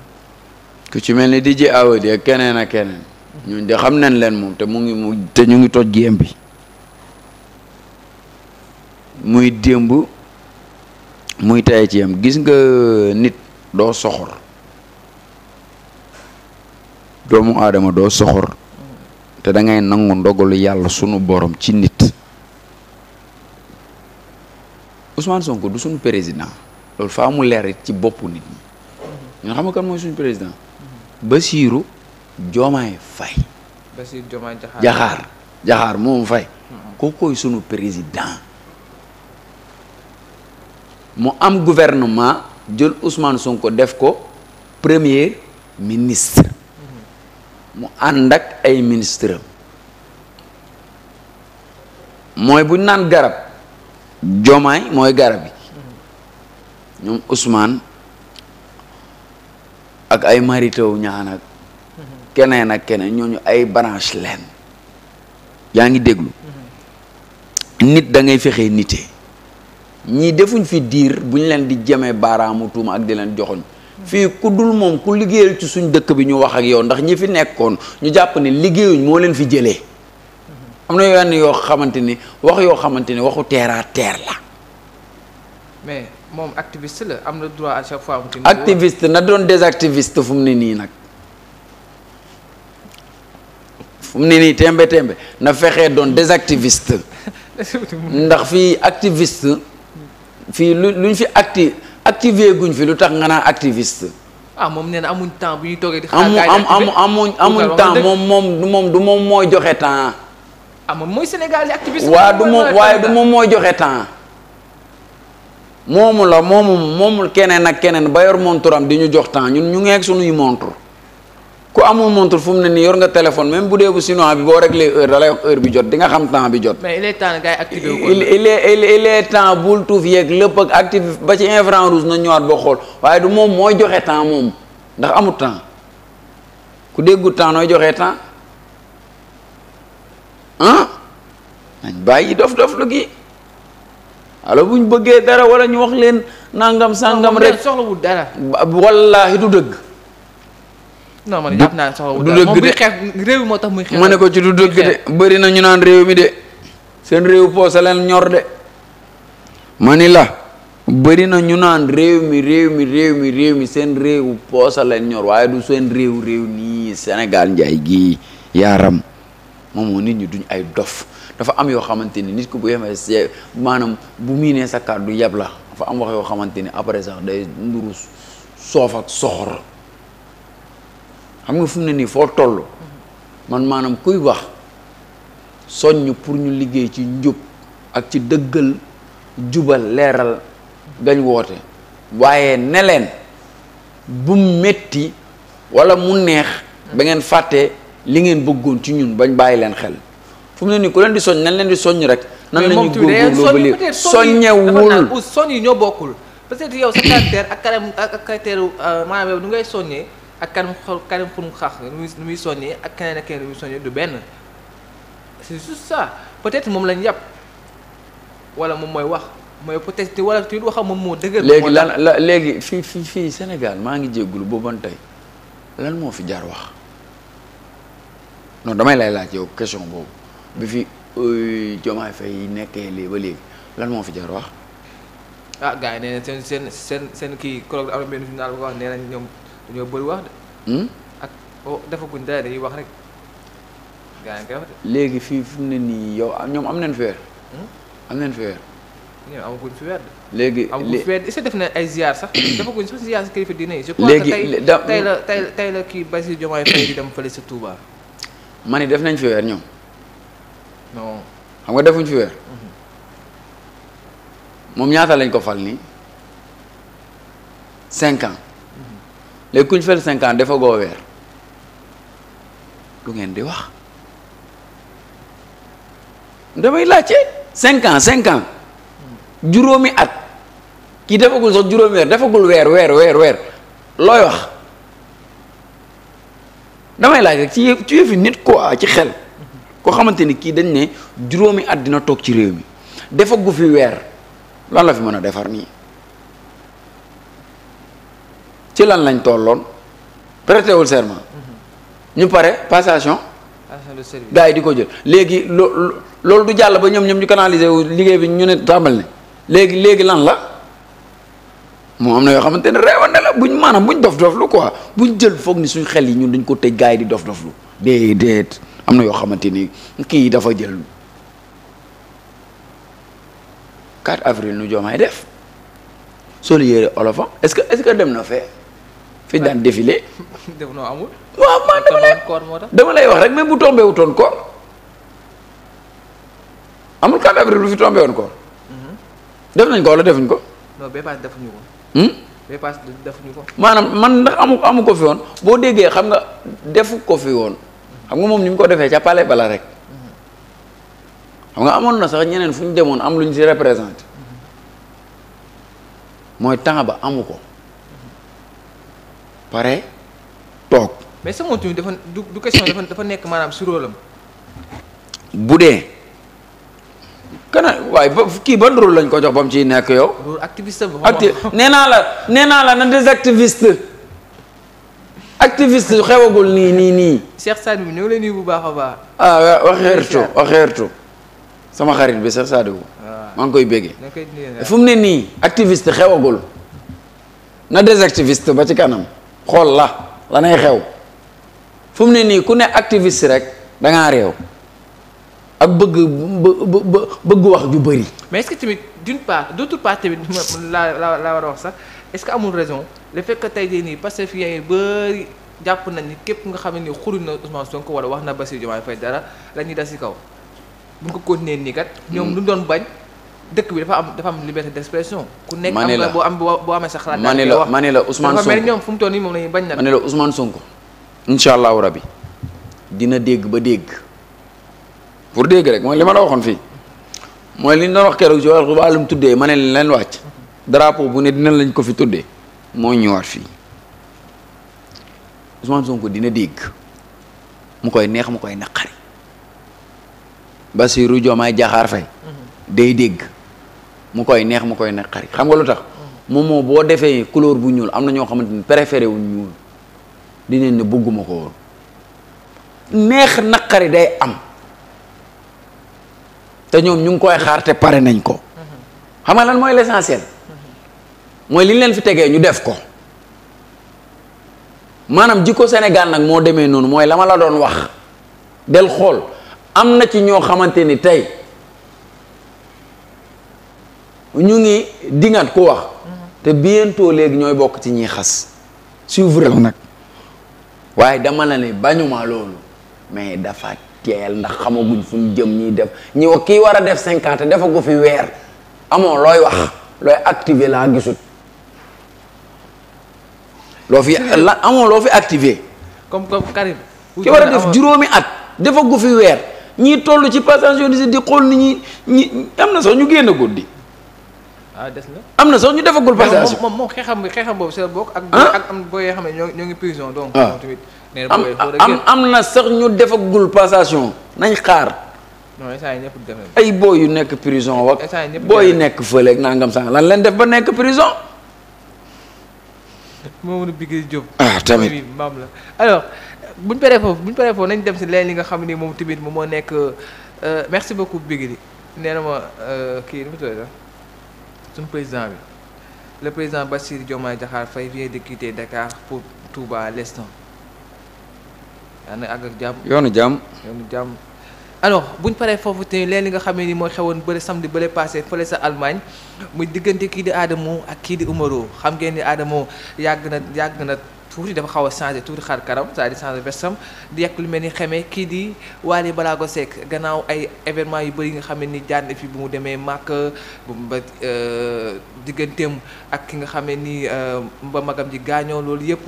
S2: ku ci mel ni DJ Awadi ak keneen ak keneen. ñun de xam nañ leen moom te mu ngi mu te ñu ngi toj jéem bi muy démb muy tay ci yam gis nga nit doo soxor doomu aadama doo soxor te dangay nangu ndogalu yàlla sunu borom ci nit Ousmane Sonko du sunu président loolu faa mu leer ci boppu nit ñi ñun xam nga kan mooy suñu président mm-hmm. Basirou Diomaye Faye.
S1: Bassirou Diomaye Diakhar Diakhar
S2: Diakhar moom Faye. Hmm. kookooy sunu président. mu am gouvernement jël Ousmane Sonko def ko premier ministre. Hmm. mu ànd ak ay ministre mooy bu naan garab. Diomaye mooy garab bi. Hmm. ñoom Ousmane ak ay maritaw ñaan ak. keneen ak keneen ñooñu ay baranche leen yaa ngi déglu mm-hmm. nit dangay ngay fexe nite ñii defuñ fi diir bu ñu leen di jëmee baaraamu tuuma ak di leen joxoñ mm-hmm. fii ku dul moom ku liggéeyal ci suñ dëkk bi ñu wax ak yow ndax ñi fi nekkoon ñu jàpp ni liggéeyuñ moo leen fi jëlee mm-hmm. am na yenn yoo xamante ni wax yoo xamante ni waxu terre à la
S1: mais moom activiste la am na droit à chaque fois activiste
S2: na doon des activistes fum ne nii nag fu mu ne nii tembe tembe na fexee doon des activistes
S1: (laughs) ndax
S2: fii activiste fii lu luñ fi acti activé guñ fi lu tax nga naan activiste.
S1: ah moom nee na amuñ temps bu ñuy toogee di xaar gars yi amuñ amuñ moom
S2: moom du moom moom joxe temps.
S1: ah moom mooy Sénégal activiste. waaw du moom waaye du moom mooy
S2: joxe temps. moomu moomul keneen ak keneen ba yor di ñu jox temps ñun ñu ngeeg suñuy montre ku amul montre fu mu ne nii yor nga téléphone même bu dee bu chinois bi boo réglé heure da lay wax heure bi jot di nga xam temps bi jot.
S1: mais il est temps gars yi activé ko. il il
S2: est il est temps bul tuuf yeeg lépp ak activé ba ci infrarouge na ñëwaat boo xool waaye du moom mooy joxe temps moom ndax amul temps ku déggu temps nooy joxe temps ah nañ bàyyi dof dof lu gi alors bu ñu bëggee dara wala ñu wax leen nangam sàngam rek
S1: soxlawul dara. wallaahi du dëgg. non man jàpp naa soxla du dëgg
S2: de moom réew
S1: moo tax muy xeex ma ne ko ci du dëgg de bëri na ñu
S2: naan réew de seen réew poosa leen ñor de ma ni la bari na ñu naan réew mi réew mi réew mi réew mi seen réew poosa ñor waaye du seen réew réew nii senegal njaay gii yaaram moom moo nit ñi duñ ay dof dafa am yoo xamante ni nit ko bu yemee maanaam bu miinee sa kàddu yab la dafa am wax yoo xamante ni après sax day nduru soof ak soxor xam nga fu mu ne nii foo toll man maanaam kuy wax soññ pour ñu liggéey ci njub ak ci dëggal jubal leeral gañ woote waaye ne leen bu metti wala mu neex ba ngeen fàtte li ngeen bëggoon ci ñun bañ bàyyi leen xel fu mu ne nii ku leen di soññ nañ leen di soññ rek nan la ñu góorgóorloo ba léegi soññewul
S1: soñ yi ñoo bokkul peut-être yow sa caractère ak caractère euh, maanaam yow du ngay soññee ak kanam xol karim xun xax nu muy soññee ak keneen ak keneen nu muy soññee du benn c'est juste ça peut-être moom lañ yàpp wala moom mooy wax mooy peut-être te wax te moom moo dëgër. léegi lan
S2: la léegi fii fii fii Sénégal maa ngi jéggulu booban tey lan moo fi jaar wax non damay lay laaj question boobu bi fi euh, Diomaye Faye nekkee lii ba léegi lan moo fi jaar wax.
S1: ah gars yi nee na seen seen seen seen kii keroog am na benn final bu ko wax nee nañ ñoom. dañoo bëri wax de. Hmm? ak defaguñ dara dañuy wax rek gaa ngi wax de.
S2: léegi fii fi mu ne nii yow ñoom am nañ fi hmm? am nañ fi weer.
S1: ñoom amaguñ weer
S2: léegi amaguñ
S1: fi def na ay ziar sax (coughs) defaguñ sax ziar si kilifa diine yi. je crois que tey tey la tey la kii Bassirou Diomaye Faye di dem fële sa Touba.
S2: (coughs) ma ni def nañ fi weer ñoom. non. xam nga defuñ fi weer. Mm-hmm. moom ñaata lañ ko fal nii cinq ans. léegi ku ñu fel cinq dafa goo weer lu ngeen di wax damay laajte cinq ans cinq juróomi at kii defagul sax juróomi weer defagul weer weer weer weer looy wax damay laaj rek ci ci yëfi nit quoi ci xel koo xamante ni kii dañ ne juróomi at dina toog ci réew mi defagu fi weer lan la fi mën a defar nii ci lan lañ tolloon prêtewul serment mhm. ñu pare passation gars yi di ko jël léegi loo loolu du jàll ba ñoom ñoom ñu canaliser wu liggéey bi ñu ne tàmbal ne léegi léegi lan la moo am na yoo xamante ne reewande la buñ maanaam buñ dof dof lu bu buñ jël foog ni suñ xel yi ñun dañ ko tëj gars yi di dof dof lu déedéet am na yoo xamante ni kii dafa jël 4 avril nu joomaay def solu yére olofam est-ce que est-ce que dem na fee fi daan défilé.
S1: (laughs) def noo amul. waaw man dama lay moo tax
S2: dama lay wax rek même bu tombé wutoon koor amul 4 avril lu fi tombé woon koor. Mm-hmm. def nañ ko wala defuñ ko.
S1: non bee paas defuñu ko. Hmm? bee paas defuñu ko. maanaam
S2: man ndax amu amu ko fi woon boo déggee xam nga defu ko fi woon xam nga moom ni mu ko defee ca palais bala rek. Mm-hmm. xam nga amoon na sax ñeneen fu ñu demoon am lu ñu si représenté mm-hmm. mooy temps ba amu ko. pare toog.
S1: mais sa moom tamit dafa du du question dafa nekk maanaam suróolam.
S2: bu dee. kana waaye ba kii ban rôle lañ ko jox ba mu ciy nekk yow.
S1: activiste bi acti
S2: nee naa la nee naa la na des activistes activiste xewagul nii nii nii.
S1: Cheikh Sadibou ñu ngi lay bu baax a baax.
S2: ah waaw waxeertu waxeertu sama xarit bi Cheikh Sadibou. waaw ah. maa ngi koy béggee. fu mu ne nii activist xewagul na des activistes ba ci kanam. xool la lanay xew fu mu ne nii ku ne activiste rek da ngaa réew ak bëgg bëgg wax ju bëri.
S1: mais est que tamit d'une part d'autre part tamit (laughs) la la la war a wax sax est-ce que amul raison le fait que tey jii nii pacifiens yi bëri jàpp nañ ni képp nga xam ne nii xuru na Ousmane Sonko wala wax na Bassirou Diomaye Faye dara lañuy ñuy dal si kaw bu ñu ko continuer nii kat. ñoom hmm. lu doon bañ. dëkk bi dafa am dafa am liberté d'expression. ku nekk am nga boo am boo amee sa xalaat. daal wax ma ne la Ousmane Sonko ñoom fu mu toll nii moom la ñuy bañ
S2: allahu rabi dina dégg ba dégg pour dégg rek mooy li ma la waxoon fii mooy li ñu doon wax keroog ci wàllum tuddee ma ne leen wàcc drapeau bu ne dina lañ ko fi tuddee moo ñëwaat fii Ousmane Sonko dina dégg mu koy neex mu koy naqari. Bassirou Diomaye Diakhar Faye mhm. day dégg. mu koy neex mu koy naqari xam nga lu tax moom moo boo defee couleur bu ñuul am na ñoo xamante ni préféré wu ñuul di dinañ ne bëgguma ko woon neex naqari day am te ñoom ñu ngi koy xaar pare nañ ko xam nga lan mooy l'essentiel mooy li leen fi tegee ñu def ko maanaam jikko Sénégal nag moo demee noonu mooy la ma la doon wax del xool am na ci ñoo xamante ni tey ñu ngi dingat ku wax te bientôt léegi ñooy bokk ci ñiy xas suivre nag waaye dama la ne bañuma loolu mais dafa teel ndax xamaguñ fu ñu jëm ñuy def ñi kii war a def cinquante dafa ko fi weer amoo looy wax looy activer laa la amoo loo
S1: comme comme Karim ki war a def
S2: juróomi at defagu gu fi weer ñii toll ci passation di xool ni ñi ñi am na sax ñu génn guddi ah des na am na sax ñu
S1: defagul passation moom moom xeexam bi xeexam boobu seen bokk. ak ah. am ne ñoo ñoo ngi prison donc. Ah. tamit nee na am
S2: am na sax ñu defagul passation nañ xaar. non ay booy yu nekk prison wak booy yu nekk fële ak nangam sànq lan leen def ba nekk
S1: prison. moo mën a biggee Diop. ah tamit maam la alors bu ñu paree foofu bu ñu paree foofu nañ dem si leen li nga xam ni moom tamit moom moo nekk euh, merci beaucoup Bigidi nee na ma euh, kii nu mu tudd suñu président bi le président Bassirou Diomaye Diakhar Faye vient de quitter Dakar pour Touba à l'instant. yaa ngi àgg ak jàmm yoonu jàmm yoonu jàmm. alors buñ paree foofu te leen li nga xamee ni mooy xewoon bële samedi bële passé fële sa Allemagne muy diggante kii di Adamo ak kii di Umaro xam ngeen ni aadamoo yàgg na yàgg na tuuti dafa xaw a changé tuuti xar karam c'est-à-dire changé vestam di yàq lu mel ni xamee kii di balaa ko Seck gannaaw ay événement yu bëri yi nga xam ne ni jànn na fi bu mu demee màkk bu ba euh, digganteem ak ki nga xam ne ni euh, mba magam ji gaañoo loolu yëpp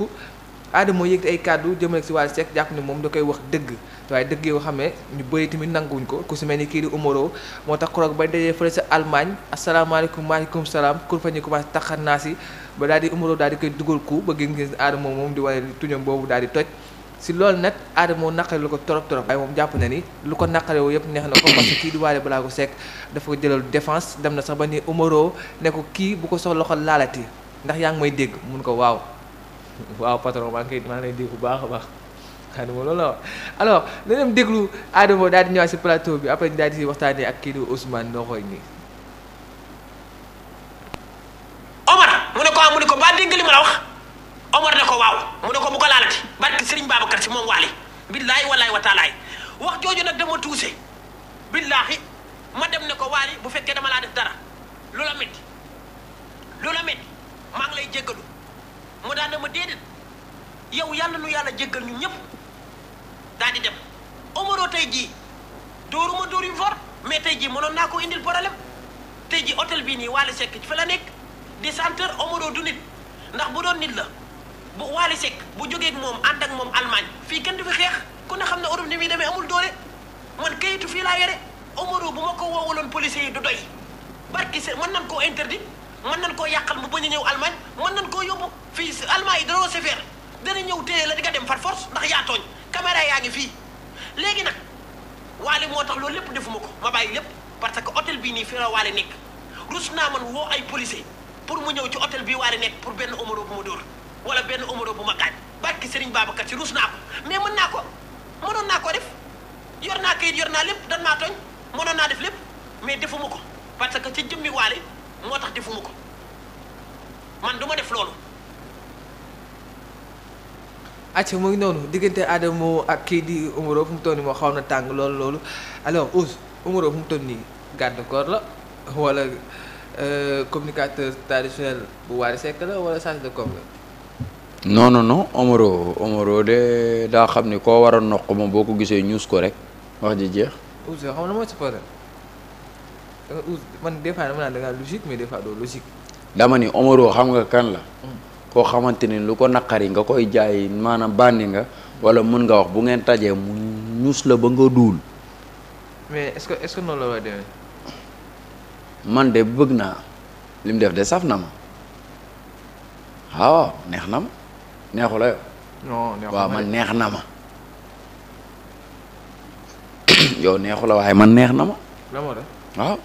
S1: Adamo yëg ay kàddu jëmale si Wally Seck jàpp ne moom da koy wax dëgg waaye dëgg yoo xam ne ñu bëri tamit nanguwuñ ko ku si mel ni kii di Omaro moo tax keroog ba dajee fële sa Allemagne asalaamaaleykum maaleykum salaam kur fa ñu commencé taxal naa si ba daal di Omaro daal di koy dugal ku ba gis ngeen Adamo moom di wane tuñam boobu daal di toj. si loolu nag Adamo naqare lu ko torop torop waaye moom jàpp na ni lu ko naqare woo yëpp neex na ko parce que kii di Wally Ballago Seck dafa ko jëlal défense dem na sax ba ni Omaro ne ko kii bu ko soxla loxo laalati ndax yaa ngi may dégg mun ko waaw (laughs) waaw patron maa ngi lay dégg bu baax a baax xanaa moom loolu la wax alors na di ñëwaat si bi après daal di waxtaanee ak kii di Ousmane Ndoxoy nii.
S4: mu ne ko ah mu ne ko ba dégg li ma la wax Omar ne ko waaw mu ne ko bu ko laalati barke Serigne Babacar si moom waale billahi wallahi wa wax jooju nag dama tuuse billahi ma dem ne ko waali bu fekkee dama laa def dara loola métti loola métti maa ngi lay jéggalu. mu daan ma déedéet yow yàlla nu yàlla jéggal ñun ñëpp daal di dem Omaro tey jii dóoruma dóor yu fort mais tey jii mënoon naa ko indil problème tey jii hôtel bii nii Wally Seck fa la nekk de centre Omaro du nit ndax bu doon nit la bu Wally Seck bu jógee moom ànd ak moom Allemagne fii kenn du fi xeex ku ne xam ne Europe ni muy demee amul doole man kayitu fii laa yore Omaro bu ma ko woowaloon policiers yi du doy barki se mën nan koo interdit mën nañ koo yàqal mu bañ ñu ñëw Allemagne mën nañ koo yóbbu fii si Allemagne yi danoo sévère dana ñëw téye la di nga dem par force ndax yaa tooñ caméra yaa ngi fii léegi nag waale moo tax loolu lépp defuma ko ma bàyyi lépp parce que hôtel bii nii fi la waale nekk rus naa man woo ay policier pour mu ñëw ci hôtel bii waale nekk pour benn omoro bu ma dóor wala benn omoro bu ma gaañ barki Serigne Babacar si rus naa ko mais mën naa ko mënoon naa ko def yor naa kayit yor naa lépp dan maa tooñ mënoon naa def lépp mais defuma ko parce que ci jëmmi moo tax defuma ko man du ma def loolu.
S1: acca mu ngi noonu diggante Adamo ak kii di Omaro fu mu toll nii moo xaw na tàng loolu loolu alors Ousse Omaro fu nii garde corps la wala euh, communicateur traditionnel bu Wally Seck la wala sage de com la.
S2: non non non Omaro de daa xam ni koo war a noq ma boo ko gisee ñuus ko rek wax ji jeex.
S1: Ousse xam na mooy sa problème. Euh, man des fois
S2: dama ni Omaro xam nga kan la. Hmm. koo xamante ni lu ko naqari nga koy jaay maanaam bànni nga. wala mën nga wax bu ngeen tajee mu ñuus la ba nga duul.
S1: mais est-ce noonu la war demee.
S2: man de bëgg naa li def de saf na ma waaw ah, neex na ma neexu la
S1: yow. neexu neex na
S2: ma. (coughs) yow neexu la waaye man neex na ma. waaw.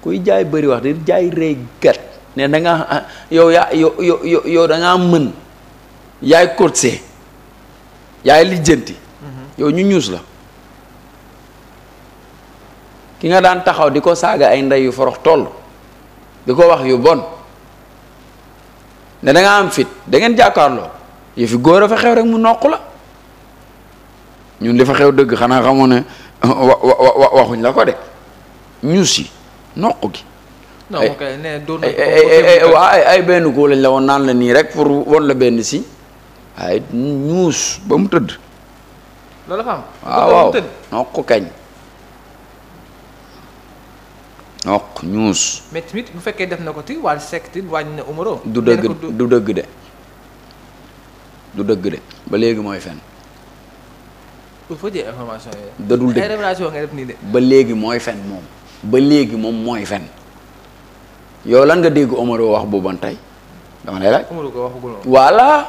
S2: kuy jaay bari wax di jaay rey gat ne da nga ah, yow mën yaay courtier yaay lijjanti mhm. yow ñu ñuus la ki nga daan taxaw di ko saaga ay ndey yu toll di ko wax yu bon ne da am fit dangeen ngeen jàkkaarloo yu fi góor a fa xew rek mu noq la ñun li fa xew dëgg xanaa xamoo ne waxuñ la ko de ñuus yi noq gi. non eh,
S1: kay eh, eh, ay
S2: ay benn góor lañ la woon naan la nii rek pour won la benn si waaye ñuus ba mu tëdd.
S1: loolu dafa am. Ah, waaw waaw
S2: noq kañ. noq ñuus.
S1: mais bu fekkee def na ko ti wàllu sec ti du dëgg
S2: du dëgg de du dëgg de ba léegi mooy fen
S1: da dul dëgg ba
S2: léegi mooy fen moom. ba léegi moom mooy fen yow lan nga dégg Omaro wax booban tey dama lay laaj. Omaro ko waxagul woon voilà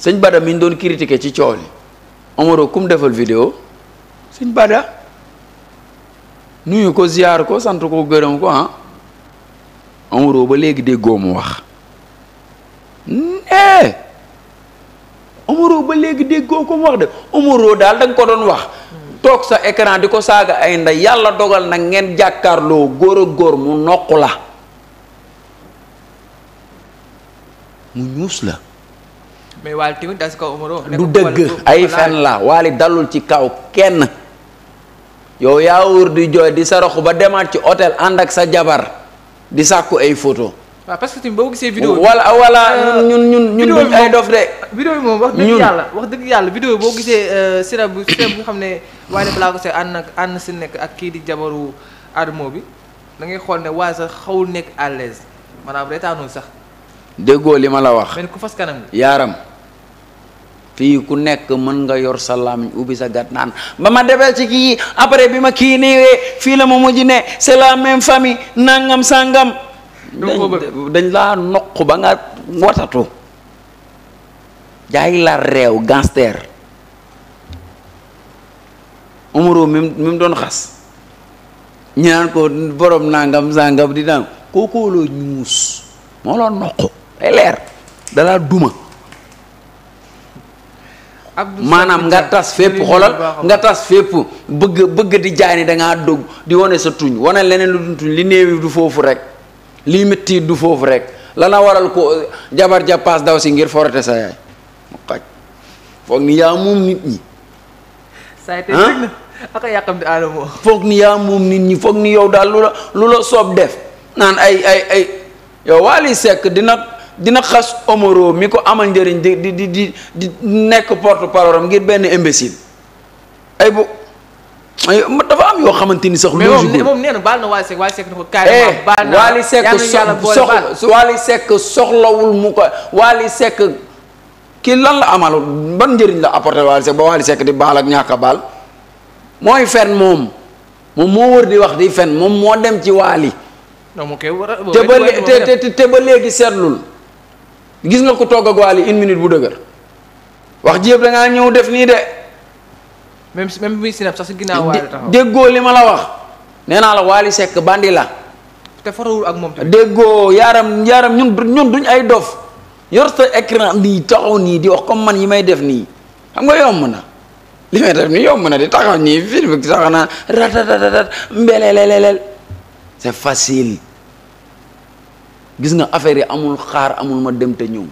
S2: sëñ Bada mi doon critiquer ci coow li Omaro ku defal vidéo sëñ Bada nuyu ko ziar ko sant ko gërëm ko ah Omaro ba léegi déggoo mu wax eh Omaro ba léegi déggoo ko mu wax de Omaro daal da ko doon wax. toog sa écran di ko saaga ay ndey yàlla dogal na ngeen jàkkaarloo góor a góor mu noq la mu ñuus la
S1: mais waali tamit da du dëgg ay fen la
S2: waali dalul ci kaw kenn yow yaa wër di jooy di saraxu ba demaat ci hôtel ànd ak sa jabar di sàkku ay photo
S1: waaw parce que boo gisee vidéo wala wala euh, ñun ñun ñun duñ ay dof de vidéo moom wax dëgg yàlla wax boo gisee euh, sira bu sira bu nga xam ne Wally Ballago Seck ànd nekk ak kii di jabaru Adamo bi da xool ne waaye sax nekk à l'aise sax.
S2: déggoo li ma la wax. mel ku yaaram fii ku nekk mën nga yor sa làmmiñ ubbi sa gat naan ba ma defee ci kii après bi ma kii niwee fii la ma mujj ne c'est la même famille nangam sangam. dañ laa noq ba nga watatu. jaay la réew gangster. Umaro mu mu doon xas ñaan ko borom nangam sangam di naan kookoo la ñuus moo la noq day leer dalaa duma maanaam nga tas fépp xoolal nga tas fépp bëgg bëgg di jaay ni dangaa dog di wane sa tuñ wane leneen lu dul tuñ li néewi du foofu rek lii métti du foofu rek lana waral ko jabar ja paas daw si ngir forate sa yaay foog ni yaa moom nit ñi
S1: saa tey dëgg na ak
S2: yàqamti aadama foog ni yaa moom nit ñi foog ni yow daal lu la lu la soob def naan ay ay ay yow Wally Seck dina dina xas Omaro mi ko amal njëriñ di di di di nekk porte-parole am ngir benn imbécile ay bu dafa am yoo xamante ni sax. logique mais moom
S1: nee na baal na Wally
S2: Seck soxlawul mu ko Wally Seck kii lan la amal ban njëriñ la apporté Wally Seck ba Wally sekk di baal ak ñàkk a baal mooy fen moom moom moo wër di wax di fen moom moo dem ci Wally
S1: te ba
S2: te ba léegi seetlul gis nga ko togg ak Wally une minute bu dëgër wax ji yëpp da ngaa ñëw def nii de.
S1: même même muy sinap sax si
S2: déggoo li ma la wax nee naa la Wally Seck bandi la.
S1: te farawul ak moom
S2: déggoo yaaram yaaram ñun ñun duñ ay dof. yor sa écran di taxaw nii di wax comme man yi may def nii xam nga yomb na li may def nii yomb na di taxaw nii film taxaw naa ratatatatat mbelelelelel c'est facile gis nga affaire yi amul xaar amul ma dem te ñëw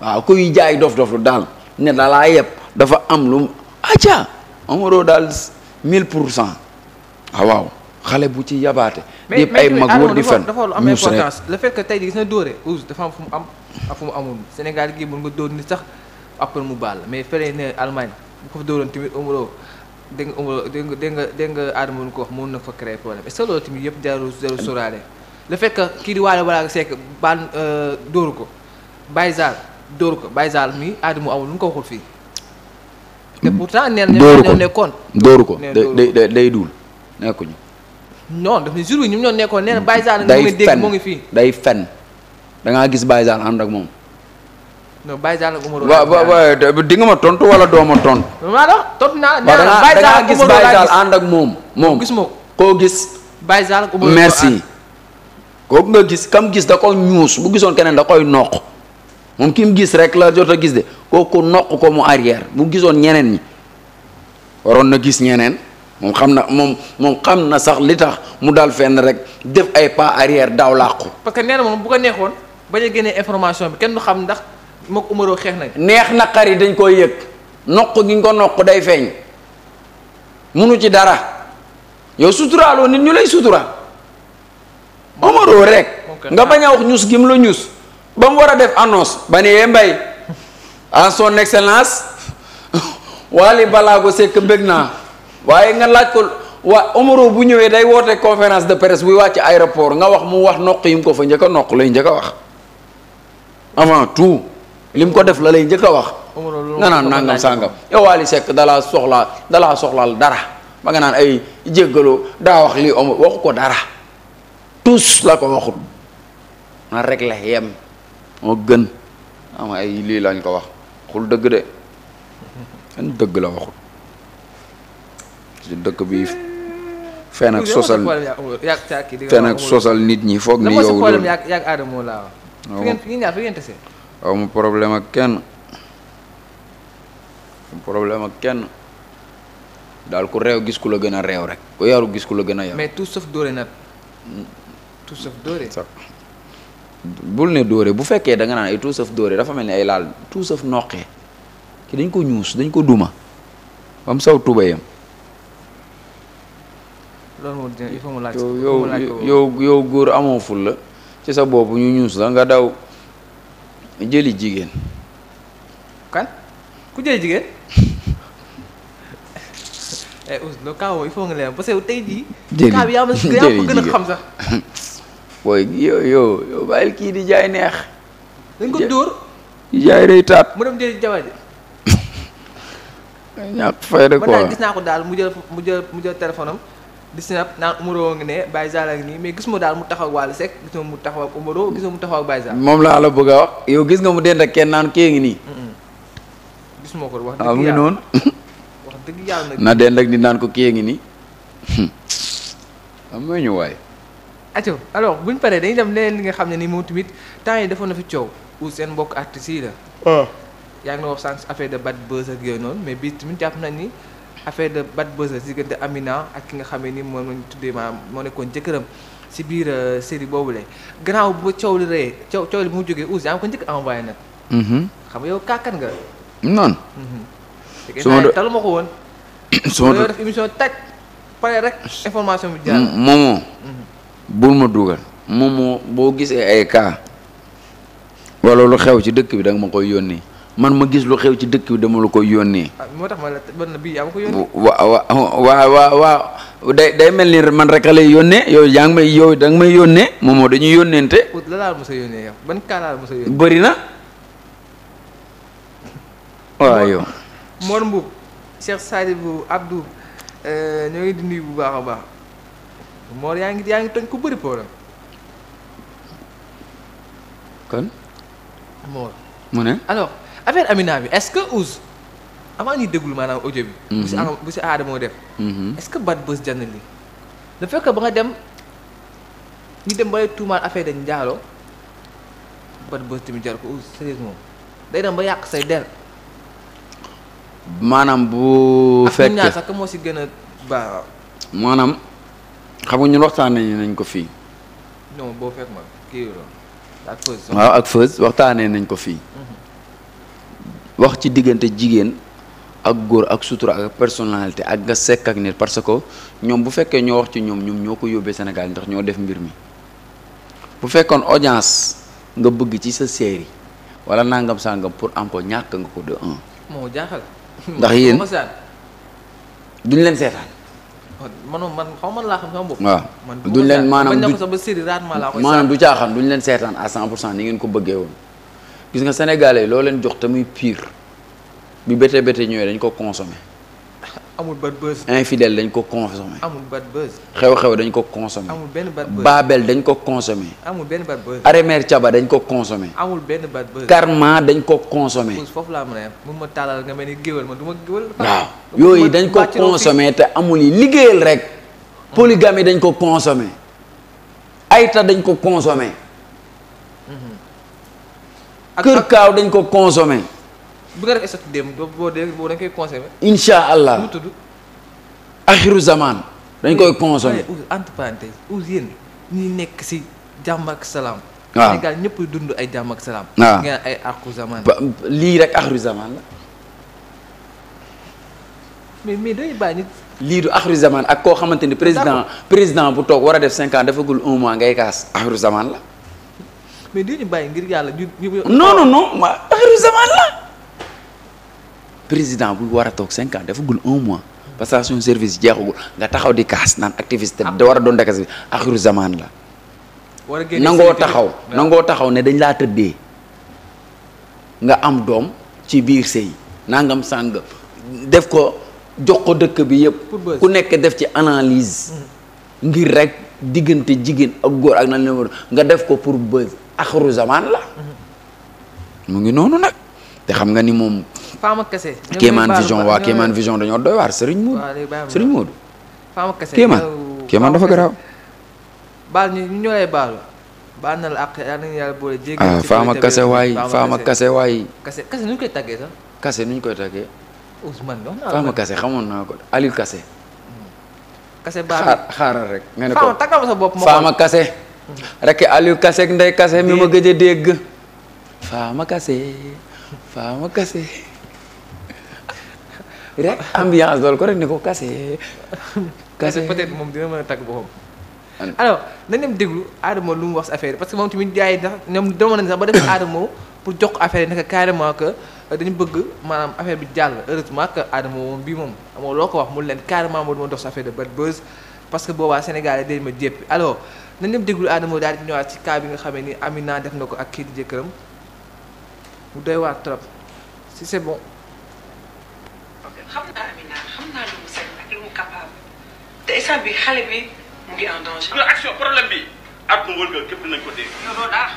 S2: waaw kuy jaay dof-dof lu daal ne da laa yëpp dafa am lu mu acca amaroo daal mille pour cent ah, waaw xale bu ci yabaate. yëpp ay mag wër di fen dafa am importance
S1: le fait que tey gis na dóore ouz dafa am fu mu am ak Sénégal gii mën nga door ni sax après mu baal mais fële ne Allemagne bu ko fa dóoroon tamit amuloo dégg nga amuloo dégg dégg nga dégg nga aadama ko wax mën na fa créer problème est ce que loolu tamit yëpp jarul jarul kii di waale wala sekk baal euh, dóoru ko Baye Zall dóoru ko Baye Zall amul lu mu ko waxul fii. te pourtant nee nañu ne nekkoon
S2: dóoru ko dóoru ko day day day duul nekkuñu.
S1: non daf ne jour bi ñoom ñoo nekkoon nee na day fen dégg moo ngi
S2: day fen da gis Baye Zane ànd ak moom.
S1: non Baye Zane ak Umaru.
S2: ma tontu wala doo ma tontu.
S1: maanaam tontu gis waaw da
S2: ànd ak moom. moom gis ma ko koo gis.
S1: Baye Zane ak Umaru merci.
S2: kooku nga gis kam gis da ko ñuus bu gisoon keneen da koy noq moom ki mu gis rek la jot a gis de kooku noq ko mu arrière mu gisoon ñeneen ñi waroon na gis ñeneen. moom xam na moom moom xam na sax li tax mu daal fenn rek def ay pas arrière daaw làqu
S1: parce que nee moom bu ko neexoon bañ a génnee information bi kenn du xam ndax mook Umarou xeex nañ. neex
S2: naqar yi dañ koy yëg noq gi ñu ko noq day feeñ munu ci dara yow suturaaloo nit ñu lay sutura Umarou rek. nga bañ a wax ñus gim la ñuus ba mu war a def annonce. ba ne yee mbay en son excellence (laughs) Waly Balago Seck bëgg naa. waaye nga laaj ko waa Omaro bu ñëwee day woote conférence de presse buy wàcc aéroport nga wax mu wax noq yi mu ko fa njëkk noq lay njëkk a wax avant ko def la lay njëkk a wax. nga naan nangam sàngam yow Wally dalaa soxlaa dalaa soxlaal dara ba nga naan ay jéggaloo daa wax lii Omaro waxu ko dara tous la ko waxut na rek la yem moo gën ama ay lii lañ ko wax xul dëgg de kenn dëgg la waxut. dëkk bi fen ak sosal fen nit ñi foog ni yow loolu waaw mu problème ak kenn mu problème ak kenn daal ku réew gis ku la gën a réew rek ku yaru gis ku la gën a yaru
S1: mais tout nag tout
S2: bul ne dóore bu fekkee da nga naan ay tout sauf dóore dafa mel ni ay laal tout sauf noqee ki dañ ko ñuus dañ ko duma ba saw tubayam
S1: loolu il faut mu laaj yow yow góor
S2: amoo ful la ci sa bopp ñu ñuus la nga daw jëli jigéen.
S1: kan ku jëli jigéen. (laughs) eh Ousseynou cas il faut nga leeral parce que tey jii.
S2: jëli cas bi yaa ma gën a xam sax. (laughs)
S1: kii di jaay neex. dañ ko dóor.
S3: jaay rey
S2: taat.
S1: mu dem jëli jabar ji. (laughs) ñàkk fayda ko man gis naa ko daal mu jël mu jël mu jël gis na naan Omaro ngi ne Baye Zale ak nii mais gis ma daal mu taxaw ak Wally Seck gis ma mu taxaw ak Omaro gis ma mu taxaw ak Baye moom laa
S2: la bëgg a wax yow gis nga mu dend ak kenn naan kii ngi nii.
S1: gis ma ko wax ah, dëgg yàlla waaw mu ngi dëgg yàlla nag. na
S2: dend ak di naan ko kii ngi nii. am na ñu waay.
S1: aco alors buñ paree dañuy li nga xam ne ni moom tamit temps yi defoon na fi coow ou seen mbokk artistes yi la. waaw ah. yaa ngi na wax sànq affaire de bad buzz ak yooyu noonu mais bii tamit jàpp nañ ni. affaire de bad buzz si diggante Amina ak ki nga xam ne ni moom lañ tuddee maanaam moo nekkoon jëkkëram si biir euh, série boobule gannaaw bu coow li rëyee coow li bu mu jógee Ousse yaa ngi ko njëkk envoyé nag. Mm-hmm. xam nga yow kàkkan nga.
S2: Mm-hmm. ko woon. (clears throat) su ma def
S1: émission taj pare moomoo.
S2: Mm-hmm. bul ma dugal. moomoo boo gisee ay cas. wala lu xew ci dëkk bi da nga ma koy yónni man ma gis lu xew ci dëkk bi dama la koy yónnee.
S1: Ah, moo tax ma la bii yaa
S2: ma day day mel ni man rek a lay yónnee yow yaa ngi may yónnee moom moo dañuy yónneente.
S1: ut laal mos a yónnee yow ban kaa laal mos a yónnee.
S2: bëri na. waaw yow.
S1: Mor Mboub Cheikh Sadibou Abdou euh, ñoo ngi di nuyu bu baax a baax Mor yaa ngi yaa ngi tooñ ku bëri problème. kon. Mor mu ne affaire Amina bi est-ce que Ouz avant ñuy déglu maanaam audio bi. bu si mhm. am bu si aada moo def. Mhm. est-ce que bad buzz jënd lii. le fait ba nga dem ñu dem ba tuumaal affaire dañ njaaloo bad buzz tamit jar ko Ouz sérieusement day dem ba yàq say der.
S2: maanaam bu. fekkee ñaar sax
S1: moo si gën a
S2: maanaam xam nga ñun waxtaan nañ ko fii.
S1: non boo fekk ma waaw ak Feuz
S2: waxtaanee nañ ko fii. Mhm. wax ci diggante jigéen ak góor ak sutura ak personnalité ak nga sekk ak nit parce que ñoom bu fekkee ñoo wax ci ñoom ñoom ñoo ko yóbbee Sénégal ndax ñoo def mbir mi bu fekkoon audience nga bëgg ci sa série wala nangam sàngam pour am ko ñàkk nga ko de
S1: moo jaaxal. ndax yéen
S2: duñ leen seetaan.
S1: man man xaw ma laa xam sama bopp. waaw duñ leen maanaam du maanaam
S2: du caaxaan duñ leen seetaan à 100 pour cent ni ngeen ko bëggee woon. gis nga sénégalais loo leen jox te muy pire bi bété bété ñëwee dañ ko consommé.
S1: amul bad buzz. infidèle
S2: dañ ko consommé.
S1: amul bad buzz.
S2: xew-xew dañ ko consommé. amul
S1: benn bad buzz. Babel
S2: dañ ko consommé.
S1: amul benn bad buzz. Arémère Thiaba
S2: dañ ko consommé.
S1: amul benn bad buzz. dañ
S2: ko consommé.
S1: foofu laa mën ma taalal nga mel ni géwél ma du ma géwél. waaw yooyu dañ ko consommé
S2: te amul yi liggéeyal rek. Mm. polygamie dañ ko consommé.
S1: ayta dañ ko
S2: consommé. kër kaaw dañ ko consommé.
S1: bu nga def statut démb boo dee boo dañ koy consommé.
S2: incha allah mu tudd. zaman. dañ koy eh, consommé eh,
S1: eh, entre nekk si jàmm ak salaam. ñëpp dund ay jàmm ak
S2: lii rek axiru zaman la.
S1: mais day bàyyi
S2: lii du axiru zaman ak koo xamante ni président président bu toog war a def cinq ans defagul un mois ngay kaas axiru zaman la.
S1: mais dañu bàyyi ngir yàlla ñu ñu. non non non ma zaman la.
S2: président bu war a toog cinq ans defagul un moins passation service jeexagul nga taxaw di kaas naan activiste da war a doon dakas bi la.
S1: war a nangoo taxaw nangoo
S2: taxaw ne dañ laa tëddee nga am doom ci biir sëy nangam sàng def ko jox ko dëkk bi yëpp. ku nekk def ci analyse. Mm. ngir rek diggante jigéen ak góor ak nan la nga def ko pour buzz. axaru zamaan la mm-hmm. mu ngi noonu nag te xam nga ni moom
S1: Fama Kese Kéemaan Vision waa Kéemaan
S2: dañoo doy waar Serigne Moodu Serigne Moodu
S1: Fama dafa garaaw baal ñu ah Fama Kese waay Fama Kese waay Kese Kese nu ñu koy taggee sax Kase Kase
S2: xamoon naa ko Aliou Kase hmm. Kase baax xaaral rek nga ne
S1: ko Fama Kase
S2: rek Aliou Kassé ndey Ndeye Kassé mi ma gëj a dégg Fama Kassé Fama Kassé
S1: rek ambiance dool ko rek ne ko Kassé Kassé peut-être moom dina mën a tàgg boppam alors nañ dem déglu Adamo lu mu wax si affaire parce que moom tamit gars yi ndax ñoom nañ sax ba def Adamo pour jox ko affaire yi naka carrément que euh, dañu bëgg maanaam affaire bi jàll heureusement que Adamo moom bii moom amoo loo ko wax mu leen carrément moo duma dox sa affaire de bad buzz parce que boobaa Sénégal yi ma jéppi alors nañ dem déglu Adamo daal di ñëwaat ci cas nga xamee ni Amina def na ko ak kii di jëkkëram mu doy waar trop si c'est bon.
S4: te instant bi xale daal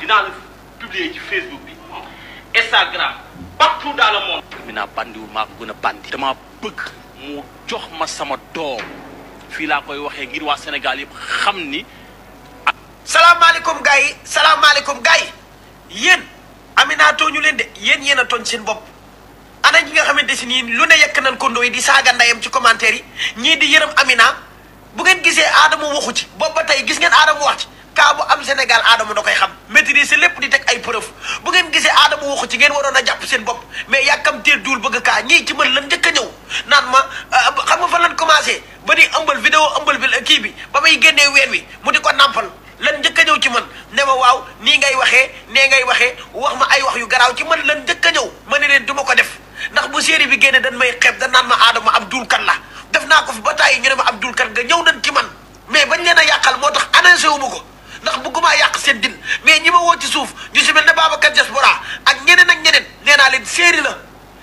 S3: dinaa la publier ci Facebook maa ko a bandi. dama bëgg mu jox ma sama doom
S4: fii laa koy waxee ngir waa Sénégal yëpp xam ni. salaamaaleykum gaa yi salaamaaleykum gaa yi yéen Aminatoo ñu leen de yéen yéen a tooñ seen bopp ana ñi nga xamante si nii lu ne yekk nañ ko ndoy di saaga ndayam ci commentaire yi ñii di yërëm Amina bu ngeen gisee Adama waxu ci boobu ba tey gis ngeen Adama wax ci kaa bu am Sénégal Adama da koy xam si lépp di teg ay preuve bu ngeen gisee Adama waxu ci ngeen waroon a jàpp seen bopp mais yàkkamteel duul bëgg kaa ñii ci mën lan njëkk a ñëw ma ah, xam nga fan lan commencé ba di ëmbal vidéo ëmbal bi kii bi ba may génnee wi mu di ko nàmpal lan njëkk ñëw ci man ne ma waaw nii ngay waxee nee ngay waxee wax ma ay wax yu garaaw ci man lan njëkk a ñëw ma ne leen du ma ko def ndax mu série bi génne dañ may xeeb dañ naan ma aadama ab duulkat la def naa ko fi ba tàyyi ñu ne ma ab duulkat nga ñëw nañ ci man mais bañ leen a yàqal moo tax annoncé wu ma ko ndax bëggumaa yàq seen din mais ñi ma woo ci suuf ñu si mel ne Babacar Diaspora ak ñeneen ak ñeneen nee naa leen séeri la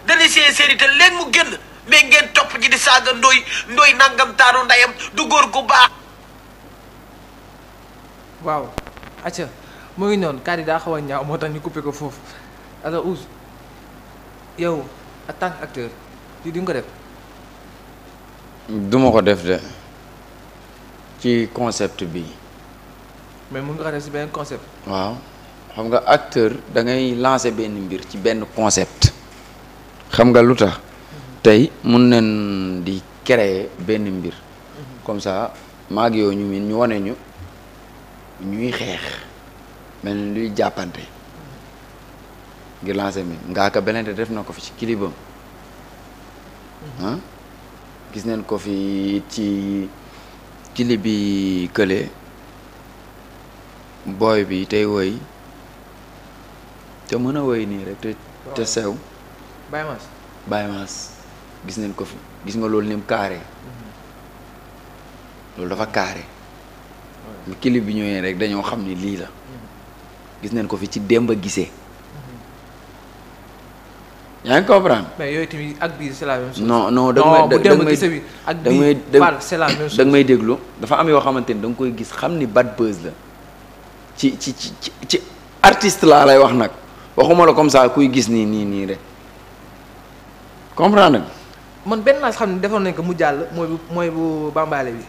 S4: dañuy see série te léegi mu génn mais ngeen topp ji di saaga ndooy ndooy ndayam du góor gu baax
S1: waaw acca mu ngi noon kàddu yi daa xaw a ñaaw moo tax ñu coupé ko foofu alors Ouz yow en tant que acteur di di ko def
S2: duma ko def de ci concept bi
S1: mais mun nga xam ne si benn concept
S2: waaw xam nga acteur da ngay lancer benn mbir ci benn concept xam nga lu tax mhm. tey mun nañ di créer benn mbir mhm. comme sa maag yoo ñu miin ñu wane ñu ñuy xeex mel ni luy jàppante ngir lancer mi Ngaaka Blindé def na ko fi ci kilibam ah gis neen ko fi ci kilib bi kële booy bi tey woy te mën a woy nii rek te sew Baye gis neen ko fi gis nga loolu nim mu mhm. loolu dafa carré clip bi ñëwee rek dañoo xam ni lii la gis nañ ko fi ci démb gisee yaa ngi comprendre.
S1: mais yooyu tamit ak non non da may da da nga
S2: déglu dafa am yoo xamante ni da koy gis xam ni bad buzz la ci ci ci ci artiste laa lay wax nag waxuma la comme ça kuy gis nii nii nii rek comprendre nga.
S1: man benn naa xam ne defoon nañ ko mu jàll mooy bu mooy bu bambale bi.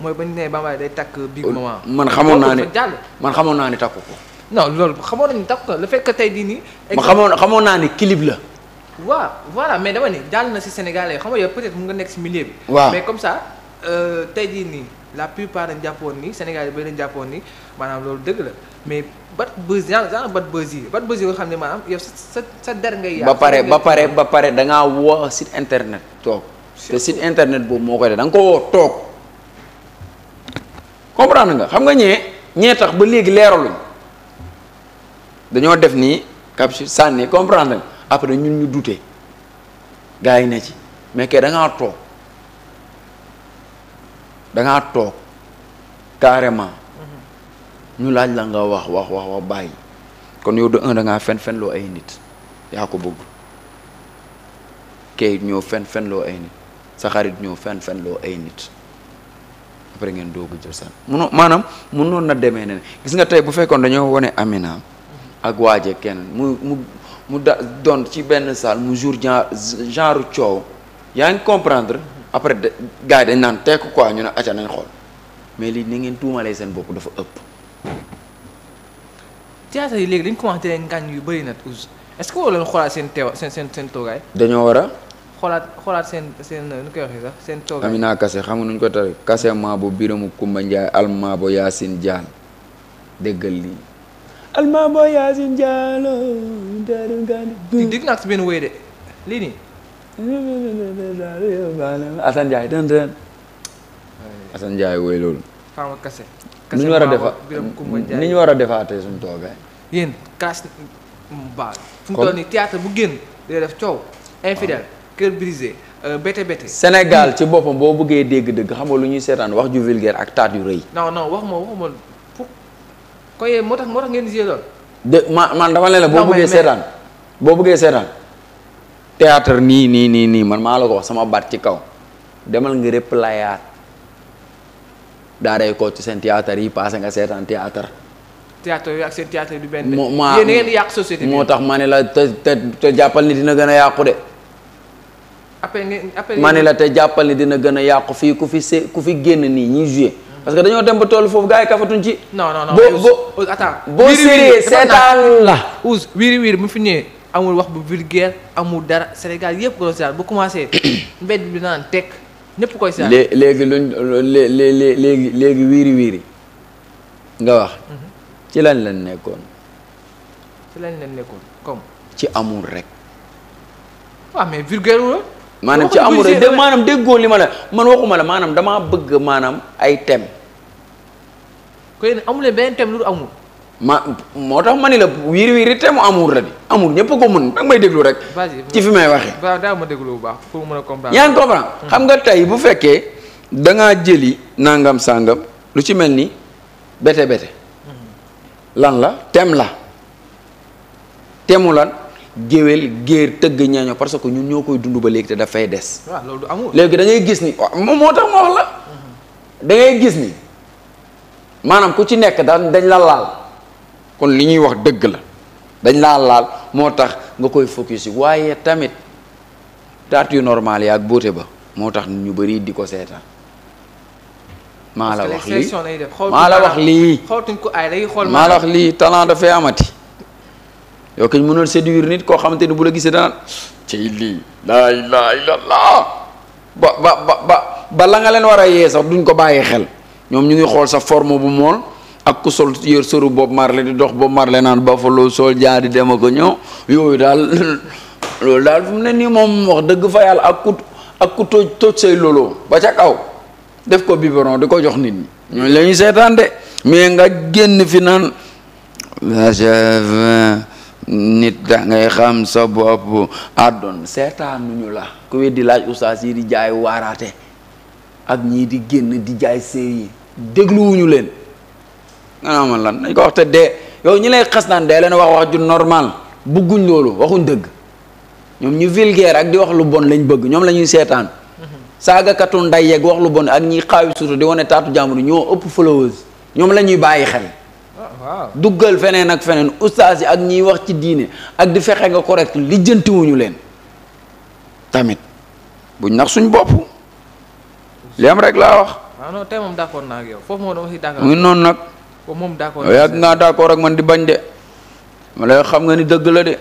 S1: mooy bañ ne Bambaye day takk Big euh, Maman. man xamoon naa ne
S2: man xamoon naa ne takku ko.
S1: non loolu xamoon nañu takku ko la fekk que tey jii nii. ma xamoon
S2: xamoon naa ni clip la.
S1: waaw voilà mais dama ne jàll na si Sénégalais xam nga yow peut-être mu nga nekk si milieu bi. waaw mais comme ça euh, tey jii nii la plupart dañ jàppoon ni Sénégal yi ba dañ jàppoon ni maanaam loolu dëgg la mais bat buzz genre bat buzz yi bat buzz yi xam ne maanaam sa sa der ngay. yaa ba pare ba pare ba
S2: pare da ngaa woo site internet. toog te site internet boobu moo koy def da ko toog. comprendre nga xam nga ñee ñee tax ba léegi leeraluñ dañoo def nii capture sànni comprendre nga après ñun ñu dute gaa yi ne ci mais kay da ngaa toog da toog carrément mhm. ñu laaj la nga wax wax wax wax bàyyi kon yow de fen fen loo ay nit yaa ko bëgg kay ñoo fen fen loo ay nit sa xarit ñoo fen fen loo ay nit après ngeen doog a jël seen munoo maanaam munoon na demee ne gis nga tey bu fekkoon dañoo wone Amina ak waaje kenn mu mu mu da don ci benn salle mu jour genre coow yaa ngi comprendre après de gars dañ naan teeku quoi ñu ne acca nañ xool mais lii ni ngeen tuumalee seen bopp dafa ëpp.
S1: théâtre yi léegi dañ commencé ngaañ yu bëri na tous est-ce que waroon xoolaat seen teewa seen seen seen toogaay. dañoo war a. xolaat xoolaat seen seen koy waxee sax seen Amina
S2: Kase xam nga nuñ ko tare Kase Maabo Biramu Kumba Njaay Almaabo Yaasin Jaal déggal lii
S4: Almaabo Yaasin Jaal
S1: dégg naa si benn wéy loolu faama war
S2: a defa ni suñ toogee
S1: yéen kaas baal fu mu toll nii théâtre bu génn day def coow infidèle cœur brisé euh, bété Sénégal ci
S2: boppam boo bëggee dégg-dëgg xam nga lu ñuy seetaan wax ju vulgaire ak taat yu rëy.
S1: non non wax ma wax ma moo tax moo tax ngeen
S2: man man dama leen la boo bëggee seetaan boo bëggee seetaan. théâtre nii nii nii nii man maa la ko wax sama baat ci kaw demal nga replayaat daaray ko ci seen théâtre yi passé nga seetaan théâtre
S1: théâtre moo maa yàq moo tax
S2: ma ne la te te te jàppal ni dina gën a yàqu de. ma ne la te jàppal ni dina gën a yàqu fii ku fi se
S1: ku fi génn nii ñuy joué parce que dañoo dem ba toll foofu gars yi kafatuñ ci. non non boo
S2: boo boo série seetaan
S1: la. Ousse wiiri wiiri mu fi ñëwee amul wax bu vulgaire amul dara Sénégal yëpp ko seetaan bu commencé (coughs) mbedd bi naan teg ñëpp koy seetaan.
S2: léegi luñ léegi léegi wiiri wiiri nga wax. Mhm. ci lañ lañ nekkoon.
S1: ci lañ lañ nekkoon comme.
S2: ci amul rek.
S1: waaw mais vulgaire wu maanaam ci amul de maanaam déggoo li ma la
S2: man waxuma la maanaam damaa bëgg maanaam ay thème.
S1: koy amuleen benn thème lu amul.
S2: ma moo tax ma ni la wiiri wiiri thème mu amour la di amul ñëpp ko mën danga may déglu rek.
S1: ci fi may waxee. waaw daa ma déglu bu baax pour mën a comprendre. yaa ngi comprendre hmm. xam
S2: nga tey bu fekkee dangaa ngaa jëli nangam sàngam lu ci mel ni bete bete. Hmm. lan la tem la temu mu lan. géwél géer tëgg ñaaño parce que ñun ñoo koy dund ba léegi te dafay des.
S1: waaw loolu amul léegi da gis
S2: ni moo tax ma wax la. da gis ni maanaam ku ci nekk daan dañ la laal. kon li ñuy wax dëgg la dañ laa laal moo tax nga koy focus yi waaye tamit taat yu yi ak beauté ba moo tax ñu bari di ko seetaan. maa la wax lii maa la wax lii.
S1: maa la wax lii
S2: talent dafay amati. yow kañ mënul séduire nit koo xamante ni bu la gisee ci lii laa nga leen war a sax duñ ko bàyyi xel ñoom ñu ngi xool sa forme bu mool ak ku sol yër sëru Bob di dox Bob Marley naan ba fa loo sol jaar ñëw yooyu daal (laughs) loolu daal fu mu ne nii moom wax dëgg fa yàlla ak ku ak ku say lolo ba ca kaw def ko biberon di ko jox nit ñi ñooñu la seetaan de mais nga génn fi naan. nit da ngay xam sa bopp àddon seetaanuñu la ku weddi laaj ustaas yi di jaay waraate ak ñii di génn di jaay série dégluwuñu leen nga naa man dañ ko wax te dee yow ñi lay xas naan de leen wax wax ju normal bugguñ loolu waxuñ dëgg ñoom ñu vulgaire ak di wax lu bon lañ bëgg ñoom la ñuy seetaan saagakatu nday yeeg wax lu bon ak ñi xaawi suutu di wane taatu jàmbur ñoo ëpp followers ñoom la ñuy bàyyi xel duggal feneen ak feneen ustaas yi ak ñiy wax ci diine ak di fexe nga correct lijjantiwuñu leen tamit buñ nax suñ bopp li am rek laa
S1: wax. waaw non tey moom d'accord yow foofu moom dama si noonu nag. foofu moom d'accord yàgg ngaa
S2: d'accord ak man di bañ de. ma lay xam nga ni dëgg la de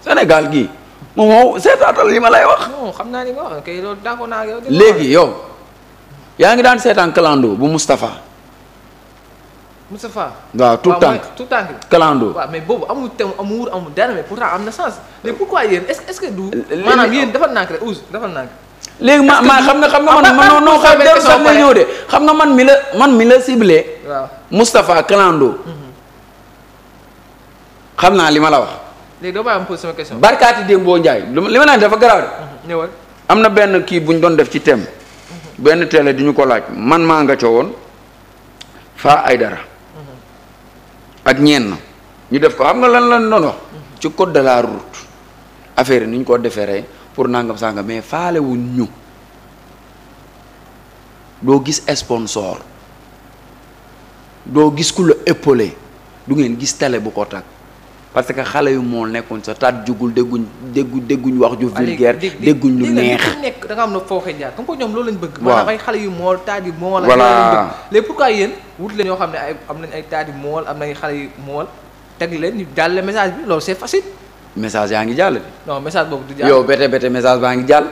S2: Sénégal gii moom moo seetaatal li ma lay wax.
S1: xam naa ni nga naa
S2: léegi yow yaa ngi daan seetaan clando bu mustafa Moustapha waaw tout tànk
S1: tout tànk clando waaw mais boobu amul tem amul wuur amul dara am na sens mais pourquoi yéen est ce que du maanaam yéen dafa nànk rek ous dafa nànk léegi ma ma xam nga xam nga ah, man man non xam nga sax ma ñëw de
S2: xam nga man mi la man mi la ciblé waaw Moustapha mhm. xam naa li ma la wax
S1: léegi doo bàyyi ma posé sama question barkaati
S2: démb boo njaay li ma naan dafa garaaw mhm. am na benn kii bu ñu doon def ci thème mhm. benn télé di ñu ko laaj man maa nga ca woon faa ay dara ak ñenn ñu def ko xam nga lan lan doon ci code de la route affaire yi ni ñu ko deferee pour nangam sàngam mais faale wuñ ñu doo gis sponsor doo gis ku la épaulé du ngeen gis télé bu ko takk parce que xale yu moo nekkoon sa taat jugul dégguñ déggu dégguñ wax ju vulgaire dégguñ lu neex
S1: nekk da am na fooxee jaar comme ko ñoom loolu lañ bëgg maanaam ay xale yu mool taat yu mool voilà léegi pourquoi yéen wut ñoo xam ne am na ay taat yu mool am nañ xale yu mool teg leen ñu jàll message bi loolu c'est facile
S2: message yaa ngi jàll
S1: non message boobu du jàll yow
S2: bete bete message baa ngi jàll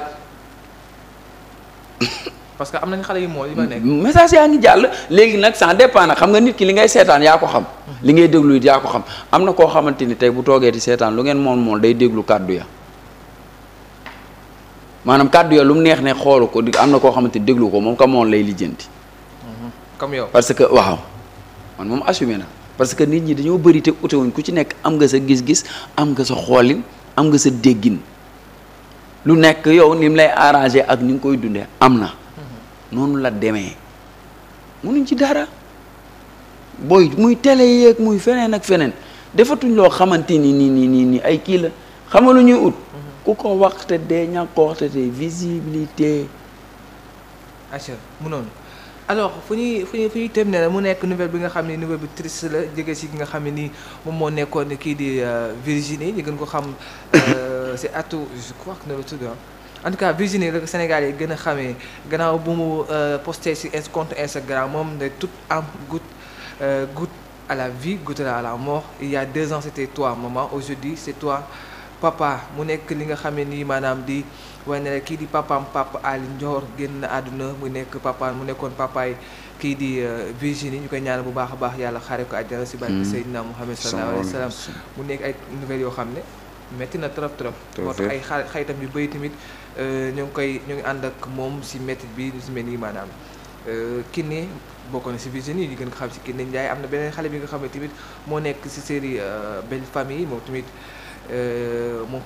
S1: parce que am nañu xale yu mooy yu fa
S2: nekk. message yaa léegi nag sans dépend nag xam nga nit ki li ngay seetaan yaa ko xam. li ngay déglu it xam am na koo xamante ni tey bu toogee di seetaan lu ngeen moon moon day déglu kàddu ya kàddu ya lu mu neex ne xoolu ko am na koo xamante ni déglu ko moom ka moon lay lijjanti.
S1: Mhm. comme yow
S2: parce que waaw man moom assumé na parce que nit ñi dañoo bëri te ute wuñ ku ci nekk am nga sa gis-gis am nga sa xoolin am nga sa déggin lu nekk yow ni mu lay arrangé ak ni nga koy dundee am na. noonu la demee munuñ ci dara booy muy télé yeeg muy feneen ak feneen defatuñ loo xamante ni ni ni ni ni ay kii la xamalu ñuy ut mm-hmm. ku ko waxte de ñàkk ko waxte dee visibilité
S1: assure mu noonu alors fu ñuy fu ñuy fu ñuy terminé la mu nekk nouvelle bi nga xam ne nouvelle bi trice la jóge si nga xam ne nii moom moo nekkoon kii di euh, Virginie ñu gën ko xam euh, si (coughs) atu je crois que ne la tudd en tout cas Virginie la ko Sénégal yi gën a xamee gannaaw bu mu euh, posté ci compte Instagram moom ne toute am goûte euh, goûte à la vie goûte à la mort il y a deux ans c'était toi maman aujourd'hui c'est toi papa mu nekk li nga xamee nii maanaam di wane ne kii di papaam papa Ali Ndior génn àdduna mu nekk papa mu nekkoon papaay kii di euh, Virginie ñu koy ñaanal bu baax a baax yàlla xare ko àjjana si barke hmm. Seydina Muhammad sallallahu alayhi wa sallam mu nekk ay nouvelles yoo xam ne métti na trop trop tamit Euh, ñoo ngi koy ñu ngi ànd ak moom si métit bi ñu si mel nii maanaam euh, Kiné bokk na si biir yi di xam si Kiné Ndiaye am na beneen xale bi nga xam ne tamit moo nekk si série euh, Belle Famille moom tamit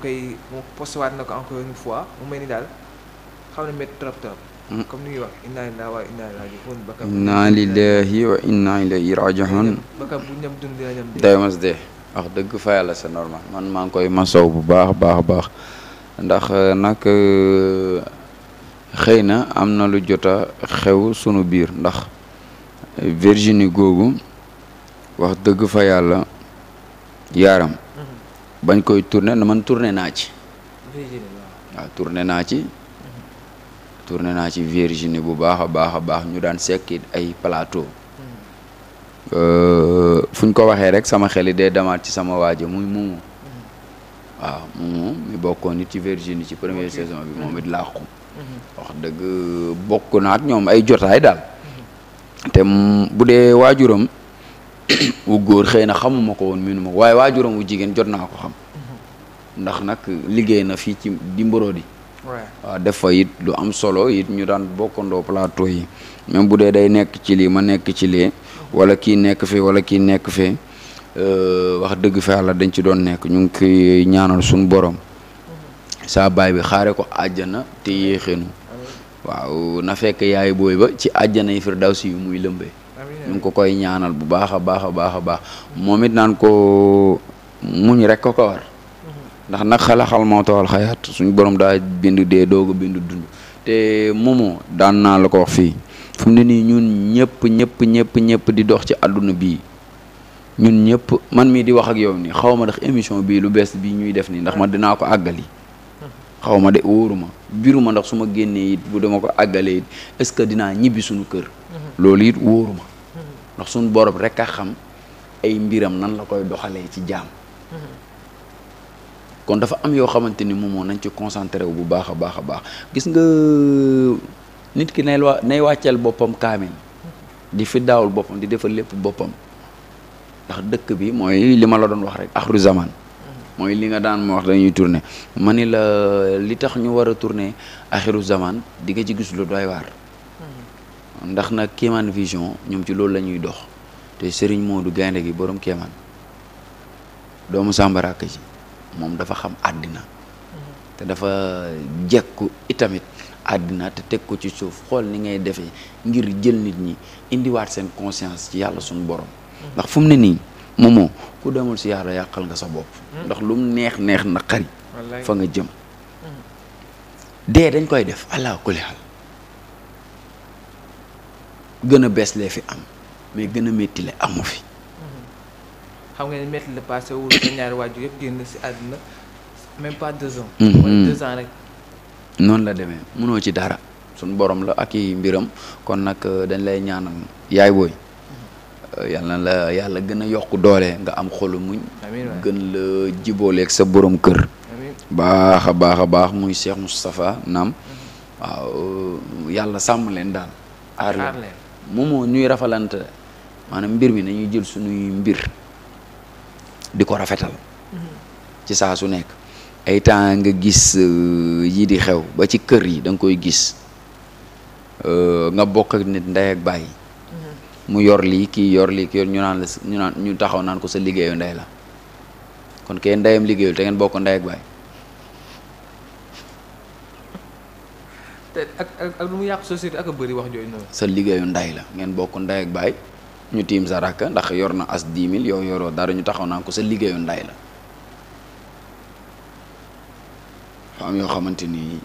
S1: koy moo postewaat na ko encore une fois mu mel ni daal xam ne métti trop trop. Mm. comme ni ñuy wax inna
S2: lillahi wa inna ilayhi raji'un
S1: bakam inna lillahi wa bu ñam dund dina ñam dee day
S2: mas dee wax dëgg fa yàlla c'est normal man maa ngi koy masaw bu baax baax baax ndax euh, nag euh, xëy na am na lu jot a xew sunu biir ndax Virginie googu wax dëgg fa yàlla yaaram mhm. bañ koy tourné na man tourné naa ci waaw tourné naa ci mhm. tourné naa ci Virginie bu baax a baax a baax ñu daan sekkit ay plateau mhm. euh, fu ñu ko waxee rek sama xel yi day demaat ci sama waaja muy moomu waaw moom mi bokkoon it ci Virginie ci première saison bi mm-hmm. moom it làqu mm-hmm. wax dëgg bokk na ñoom ay jotaay daal mm-hmm. te bu dee waajuram (coughs) wu góor xëy na xamuma ko woon minu ma waaye waajuram wu jigéen jot naa ko xam ndax nag liggéey na fii ci di Mborodi waaw def fa it lu am solo it ñu daan bokkandoo plateau yi même bu dee day nekk ci lii ma nekk ci lee wala kii nekk fee wala kii nekk fee Euh, wax dëgg fa yàlla dañ ci doon nekk ñu ngi koy ñaanal suñu boroom saa baay bi xaare ko àjjana te yéexeenu waaw na fekk yaay booy ba ci àjjana yi firdawsi yu muy lëmbee ñu ngi ko koy ñaanal bu baax a baax a baax a baax moom it naan ko muñ rek ko ko war mm-hmm. ndax nag xalaxal moo xayaat suñu boroom daa bind dee doog a bind dund te moomoo daan naa la ko wax fii fu mu ne nii ñun ñëpp ñëpp ñëpp ñëpp di dox ci àdduna bii ñun ñëpp man mii di wax ak yow nii xaw ma ndax émission bii lu bees bii ñuy def nii ndax man dinaa ko àggali xaw ma de wóoru ma biru ma ndax su ma génnee it bu dama ko àggalee it est-ce que dinaa ñibbi suñu kër mm-hmm. loolu it wóoru ma mm-hmm. ndax suñu borom rek a xam ay mbiram nan la koy doxalee ci jaam
S4: mm-hmm.
S2: kon dafa am yoo xamante ni moom moo nañ ci concentré wu bu baax a baax a baax gis nga nit ki nay nay wàcceel boppam kaamil di fi daawul boppam di defal lépp boppam ndax dëkk bi mooy li ma la doon wax rek axru zaman mooy li nga daan ma wax dañuy tourné ma ni la li tax ñu war a tourné axiru zaman di nga ci gis lu doy waar ndax na Kéemaan Vision ñoom ci loolu la ñuy dox te Serigne Modou gaynde gi borom Kéemaan doomu sàmbaraaka ji moom dafa xam àddina te dafa jekku itamit àddina te teg ko ci suuf xool ni ngay defee ngir jël nit ñi indiwaat seen conscience ci yàlla suñu borom ndax fu mu ne nii moomoo ku demul si yàlla yàqal nga sa bopp ndax lu neex neex naqari fa nga jëm hmm. dee dañ koy def allah xal gën a bees lee fi am mais gën a métti amu fi hmm.
S1: xam nga ne métti le passé wul sa ñaari
S2: hmm, la demee mënoo ci dara suñ borom la ak i mbiram kon nag euh, dañ lay ñaanal yaay wooy Euh, yal na la yàlla gën a yokk doole nga am xolu muñ gën la jibooleeg sa boroom kër baax a baax a baax muy Cheikh Moustapha naam mhm. waaw yàlla sàmm leen daal aar leen moomoo ñuy rafalante maanaam mbir mi nañuy jël suñuy mbir di ko rafetal mhm. ci saa su nekk ay temps nga gis euh, yi di xew ba ci kër yi danga koy gis euh, nga bokk nit ndey ak bàyyi mu yor lii kii yor lii kii yor ñu naan la ñu naan ñu taxaw naan ko sa liggéeyu nday la kon kee ndeyam liggéeyul te bokk ndey ak baay.
S1: te ak lu mu yàq société ak wax jooju
S2: sa liggéeyu ndey la ngeen bokk ndey ak ñu tiim sa rakk ndax yor na as 10 000 yow yoroo dara ñu taxaw naan ko sa liggéeyu ndey la. am yoo xamante nii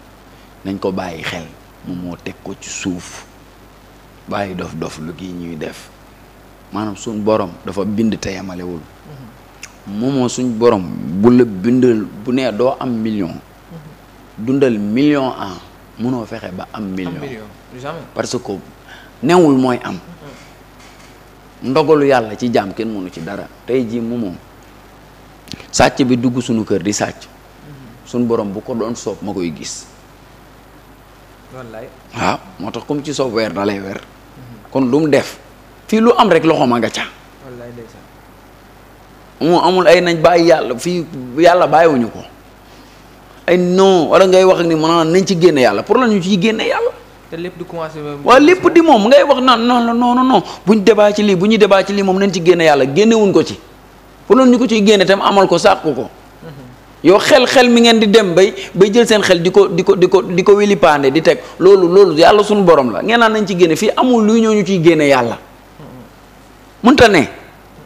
S2: nañ ko bàyyi xel moo teg ko ci suuf. bàyyi dof dof lu gi ñuy def maanaam suñ borom dafa bind te yemalewul moomoo suñ borom bu la bindal bu nee doo am million dundal million an munoo fexe ba am million parce que newul mooy am ndogalu yàlla ci jaam kenn mënu ci dara tey jii moomoo sàcc bi dugg suñu kër di sàcc suñ borom bu ko doon soob ma koy gis
S1: waaw
S2: moo tax comme ci soof weer da lay weer kon lu mu def fii lu am rek loxoom ma nga ca mu amul ay nañ bàyyi yàlla fii yàlla bàyyiwuñu ko ay non wala ngay wax ak ni maanaam nañ ci génne yàlla pour la ñu ciy génne yàlla.
S1: te lépp di commencé. waaw
S2: lépp di moom ngay wax naan non non non buñ débat ci lii bu ñu debaa ci lii moom nañ ci génne yàlla génnewuñ ko ci pour la ñu ko ciy génne tam amal ko sàkku ko. yow xel xel mi ngeen di dem bay bay jël seen xel di ko di ko di ko di ko wili paande di teg loolu loolu yàlla suñu borom la ngeen naan nañ ci génne fii amul luy ñoo ñu ciy génne yàlla munta ne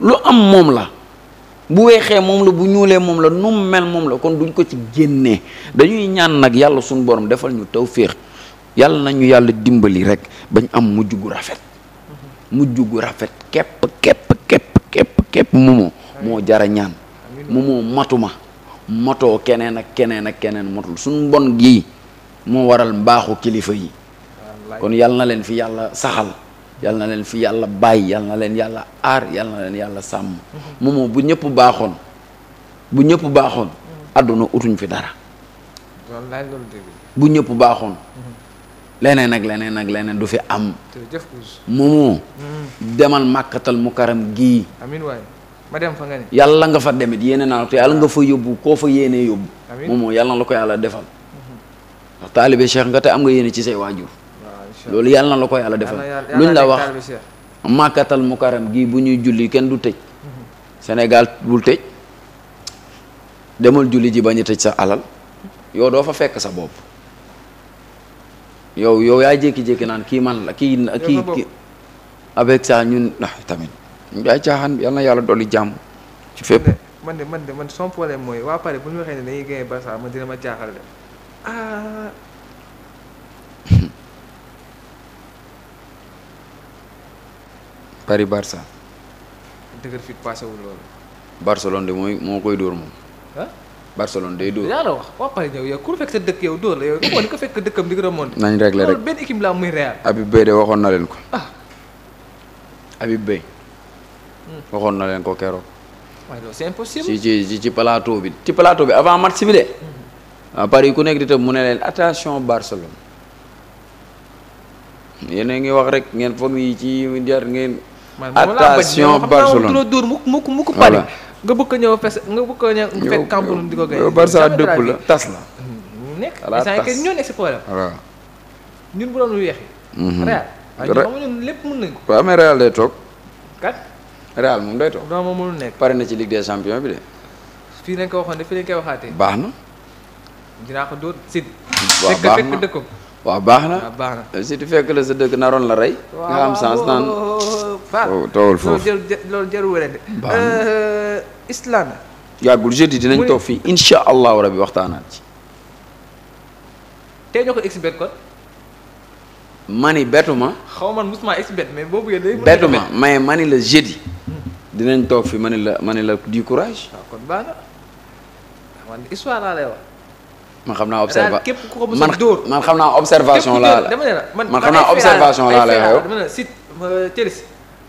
S2: lu am moom la bu weexee moom la bu ñuulee moom la nu mel moom la kon duñ ko ci génnee dañuy ñaan nag yàlla suñu borom defal ñu tawféex yàlla nañu yàlla dimbali rek bañ am mujj gu rafet mujj gu rafet képp képp képp képp képp moomoo moo jara ñaan moomoo matuma motoo keneen ak keneen ak keneen motul suñ bon gii mu waral mbaaxu kilifa yi kon yal na leen fi yàlla saxal yal na leen fi yàlla bàyyi yal na leen yàlla aar yal na leen yàlla sàmm moomoo mhm. bu ñëpp baaxoon bu ñëpp baaxoon mhm. àdduna utuñ fi dara bu ñëpp baaxoon mhm. leneen ak leneen ak leneen du fi am moomoo demal màkkatal mukaram gii ba nga yàlla nga fa demit yéene naa la te nga fa yóbbu koo fa yéenee yóbbu moom moom yàlla la ko yàlla defal mhm. ndax taalibe nga te am nga yéene ci say waajur loolu yàlla na la ko yàlla defal luñ la wax màkkatal mukaram gi bu ñuy julli kenn du tëj mhm. Sénégal bul tëj demal julli ji bañ a tëj sa alal yow doo fa fekk sa bopp yow yow yaa jékki-jékki naan kii man la kii kii ñun ah, tamit ay caaxaan yal na yàlla dolli jàmm ci fépp
S1: man de man de man son problème mooy waa Paris bu ñu waxee ne dañuy gagné Barça man dina ma jaaxal de
S4: ah. (laughs)
S2: Paris Barça.
S1: dëgër fit passé wu loolu.
S2: Barcelone de mooy moo koy dóor moom. ah. Barcelone day dóor. yaa
S1: wax waa Paris yow yow ku fekk sa dëkk yow dóor la yow ku ko fekk dëkkam di ko remonté. nañ réglé rek loolu benn équipe la muy Real.
S2: Habib Beye de waxoon na leen ko. ah. Habib waxoon na leen ko keroog.
S1: waaye ci
S2: ci ci plateau bi ci plateau bi avant match bi de. Mhm. Paris ku nekk di tam mu ne leen attention Barcelone. yéen a ngi wax rek ngeen foog yi ci jar ngeen. attention Barcelone man
S1: dóor mukk mukk nga bëgg ko ñëw fes nga bëgg ko ñëw fekk camp nu di ko gay. Barça la tas la. nekk nekk si problème. waaw ñun bu doon lu yeexee. Mhm. Real waaw ñun lépp mën nañu ko.
S2: waaw mais Real day toog. Real moom day mënul nekk. pare na ci Ligue des champions bi de.
S1: fii lañ ko wax de koy waxaatee. baax na. dinaa ko dóor Sidi.
S2: waaw baax na fekk dëkk baax na waaw baax na. Sidi fekk la sa dëkk naroon la rey. nga am sens naan.
S1: waaw toogul foofu loolu jarul wérante. baax na euh, islam.
S2: yàggul dinañ toog fii incha allahu rabi waxtaanaat ci.
S1: tey ñoo ko expliqué kon.
S2: mani bettuma.
S1: xaw man musuma expert mais boo bëggee day. bettuma
S2: mais mani la jeudi. Hmm. dinañ toog fi mani la mani la du
S1: courage. waaw ah, kon baax na man histoire laa lay wax.
S2: man xam naa observa man man xam naa observation laa la man xam naa observation laa lay wax dama
S1: ne si Thieliss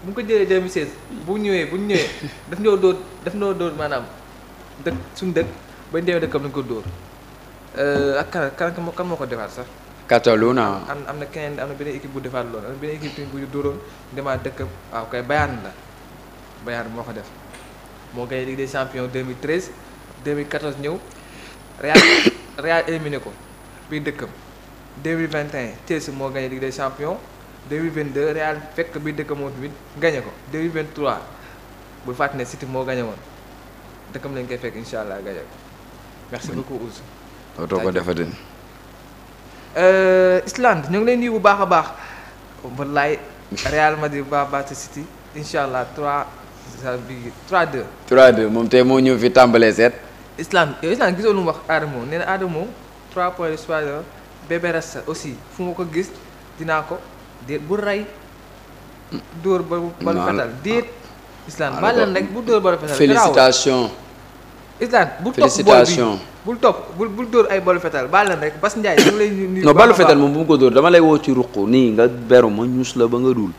S1: bu ñu ko jëlee 2016 bu ñëwee bu ñëwee daf ñoo dóor daf ñoo dóor maanaam dëkk suñu dëkk bañ demee dëkkam lañ ko dóor euh, ak kan kan kan moo ko defaat sax.
S2: Catalunya. am
S1: am na keneen am na beneen équipe bu defaat loolu am na beneen équipe bu ñu dóoroon demaat dëkk waaw kay Bayern la Bayern moo ko def moo gagné Ligue des champions 2013 2014 ñëw Real (coughs) Real éliminé ko biir dëkkam 2021 Chelsea moo gagné Ligue des vingt 2022 Real fekk biir dëkkam moom tamit gagné ko 2023 bu fàttali ne City moo gagné woon dëkkam lañ koy fekk incha allah gagné ko. merci mm. beaucoup Ouz.
S2: dootoo ko defati.
S1: Euh, Islande ñu ngi leen di bu baax a baax wallaay Real Madrid bu baax City incha allah 3 3-2.
S2: 3 moom tey moo ñëw fi tàmbalee seet.
S1: Islande yow Islande gisoo lu mu wax Adamo nee na Adamo 3 de soixante et Bébé aussi fu ma ko gis dinaa ko déet bu rey. dóor ba ba lu fetal déet. Islande bàyyi leen rek bu dóor ba lu fetal félicitations. Islaan bul topp bool bi bul topp dóor ay balu fetal baal na rek Bas Ndiaye dama lay nuyu. non balu fetal
S2: moom bu mu ko dóor dama lay woo ci ruq nii nga beru ma ñuus la ba nga dul.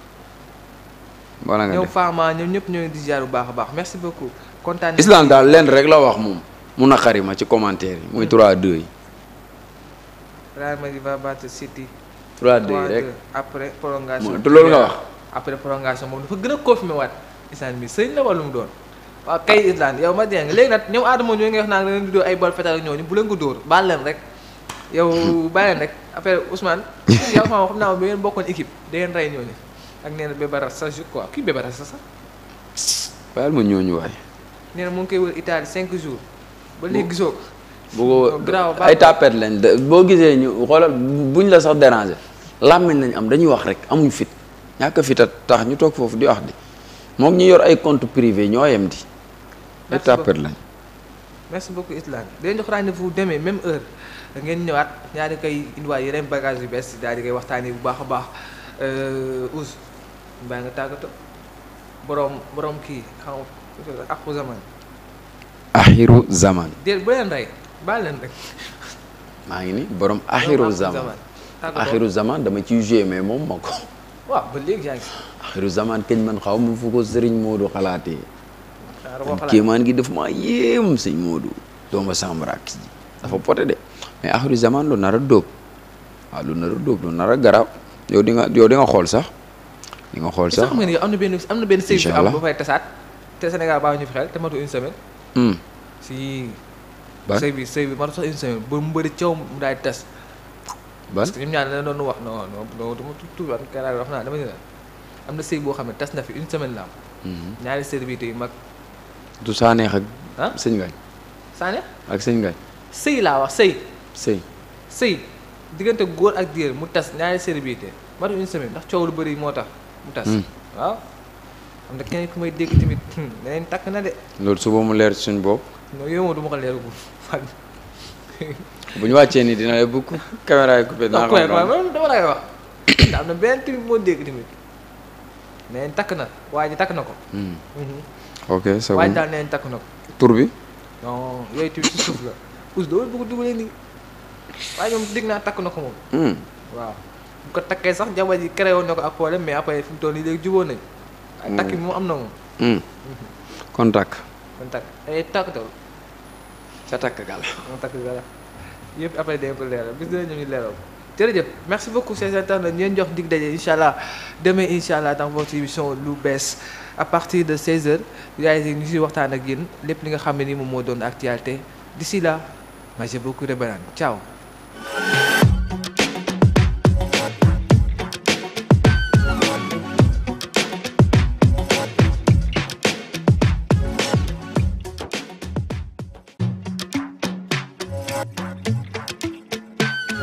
S2: wala nga
S1: def ñëpp ñoo di ziar bu baax a baax merci beaucoup. kontaan Islaan daal lenn rek
S2: la wax moom mu naqari ma ci commentaire yi muy 3 2 yi.
S1: Real Madrid va battre City. 3 2 yi après prolongation. loolu wax. après prolongation moom dafa gën a confirmé waat Islaan mi sëñ la wala mu doon. waaw kay Island yow ma dégg nga léegi nag ñoom Adama ñoo ngi wax naan da leen di dóor ay bol fetal ak ñooñu bu leen ko dóor baal leen rek yow bàyyi leen rek après Ousmane (laughs) yow Ousmane xam naa bi ngeen bokkoon équipe ak nee na bébaras sa jour quoi kii bébaras sa sax
S2: bàyyil ma ñooñu waay
S1: nee na mu ngi koy wër Italie cinq jours ba léegi gisoo ko
S2: bu ko ay tapet lañ boo gisee ñu xoolal buñ la sax déranger làmmiñ lañ am dañuy wax rek amuñ fit ñàkk fit a tax ñu toog foofu di wax di moom ñu yor ay compte privé ñoo yem di ay tàppet lañ
S1: merci beaucoup Islam dañ jox demee même heure ngeen ñëwaat ñaa koy indiwaat yeneen bagage yu bees daal di koy waxtaanee bu baax a baax euh, Ousse mbaa nga tàggatoo borom boroom kii xam axu zaman
S2: axiru zaman
S1: déet ngi
S2: ni borom axiru zaman axiru dama ciy joué moom ma ko
S1: waaw ba léegi yaa ngi
S2: axiru zaman kañ man xaw ma fu ko sëriñ Moodu xalaatee kéemaan gi daf maa yéem sëñ Modou dooma sambrak ji dafa poté de mais axiru zaman lu nar a dóob waaw lu nar a dóob lu nar a garaaw yow di nga yow di nga xool sax di nga xool sax am na
S1: benn am na benn sëy am ba fay tasaat te Sénégal baa ñu fi xel te hmm. ba mu bëri caw que ñoom ñaar dañu doon wax boo xam ne tas na fi une semaine la am hmm. ñaari services yu mag du saaneex ak. ah sëñ Ngañ. saaneex ak sëñ Ngañ. sëy laa wax sëy. sëy sëy diggante góor ak jigéen mu tas ñaari célébrité ma une semaine ndax coow lu bëri moo tax mu tas. Hmm. waaw am na keneen ku may dégg tamit hmm, leneen takk na de.
S2: loolu suba mu leer suñ bopp.
S1: non yooyu moom du ma ko (laughs)
S2: bu ñu wàccee nii dina la bu caméra
S1: (coughs) na benn tamit moo tamit mais takk na waa ji takk na ko. Hmm. Mhm.
S2: ok c'est bon waaye daal nee takk na ko. tur bi.
S1: yooyu tur ci suuf la. Ousse doo bëgg dugalee nii waaye ñoom dégg naa takk na ko moom. Hmm. waaw bu takkee sax jabar ji créé woon na ko ak problème mais après fi mu tool nii léegi jubóo nañ. waaye hmm. takk bi moom am na moom. Hmm. Mhm. kon takk. kon takk ay eh, takk daal. ca takk yëpp après dañ ko leeral bis dinañu ñu jox dig daje incha allah demain incha allah dans votre émission lu bees. à partir de 16h gars yi ñu siy waxtaan ak yéen lépp li nga xam ne ni moom moo doon actualité d'ici là maje beaucoup rebanan caaw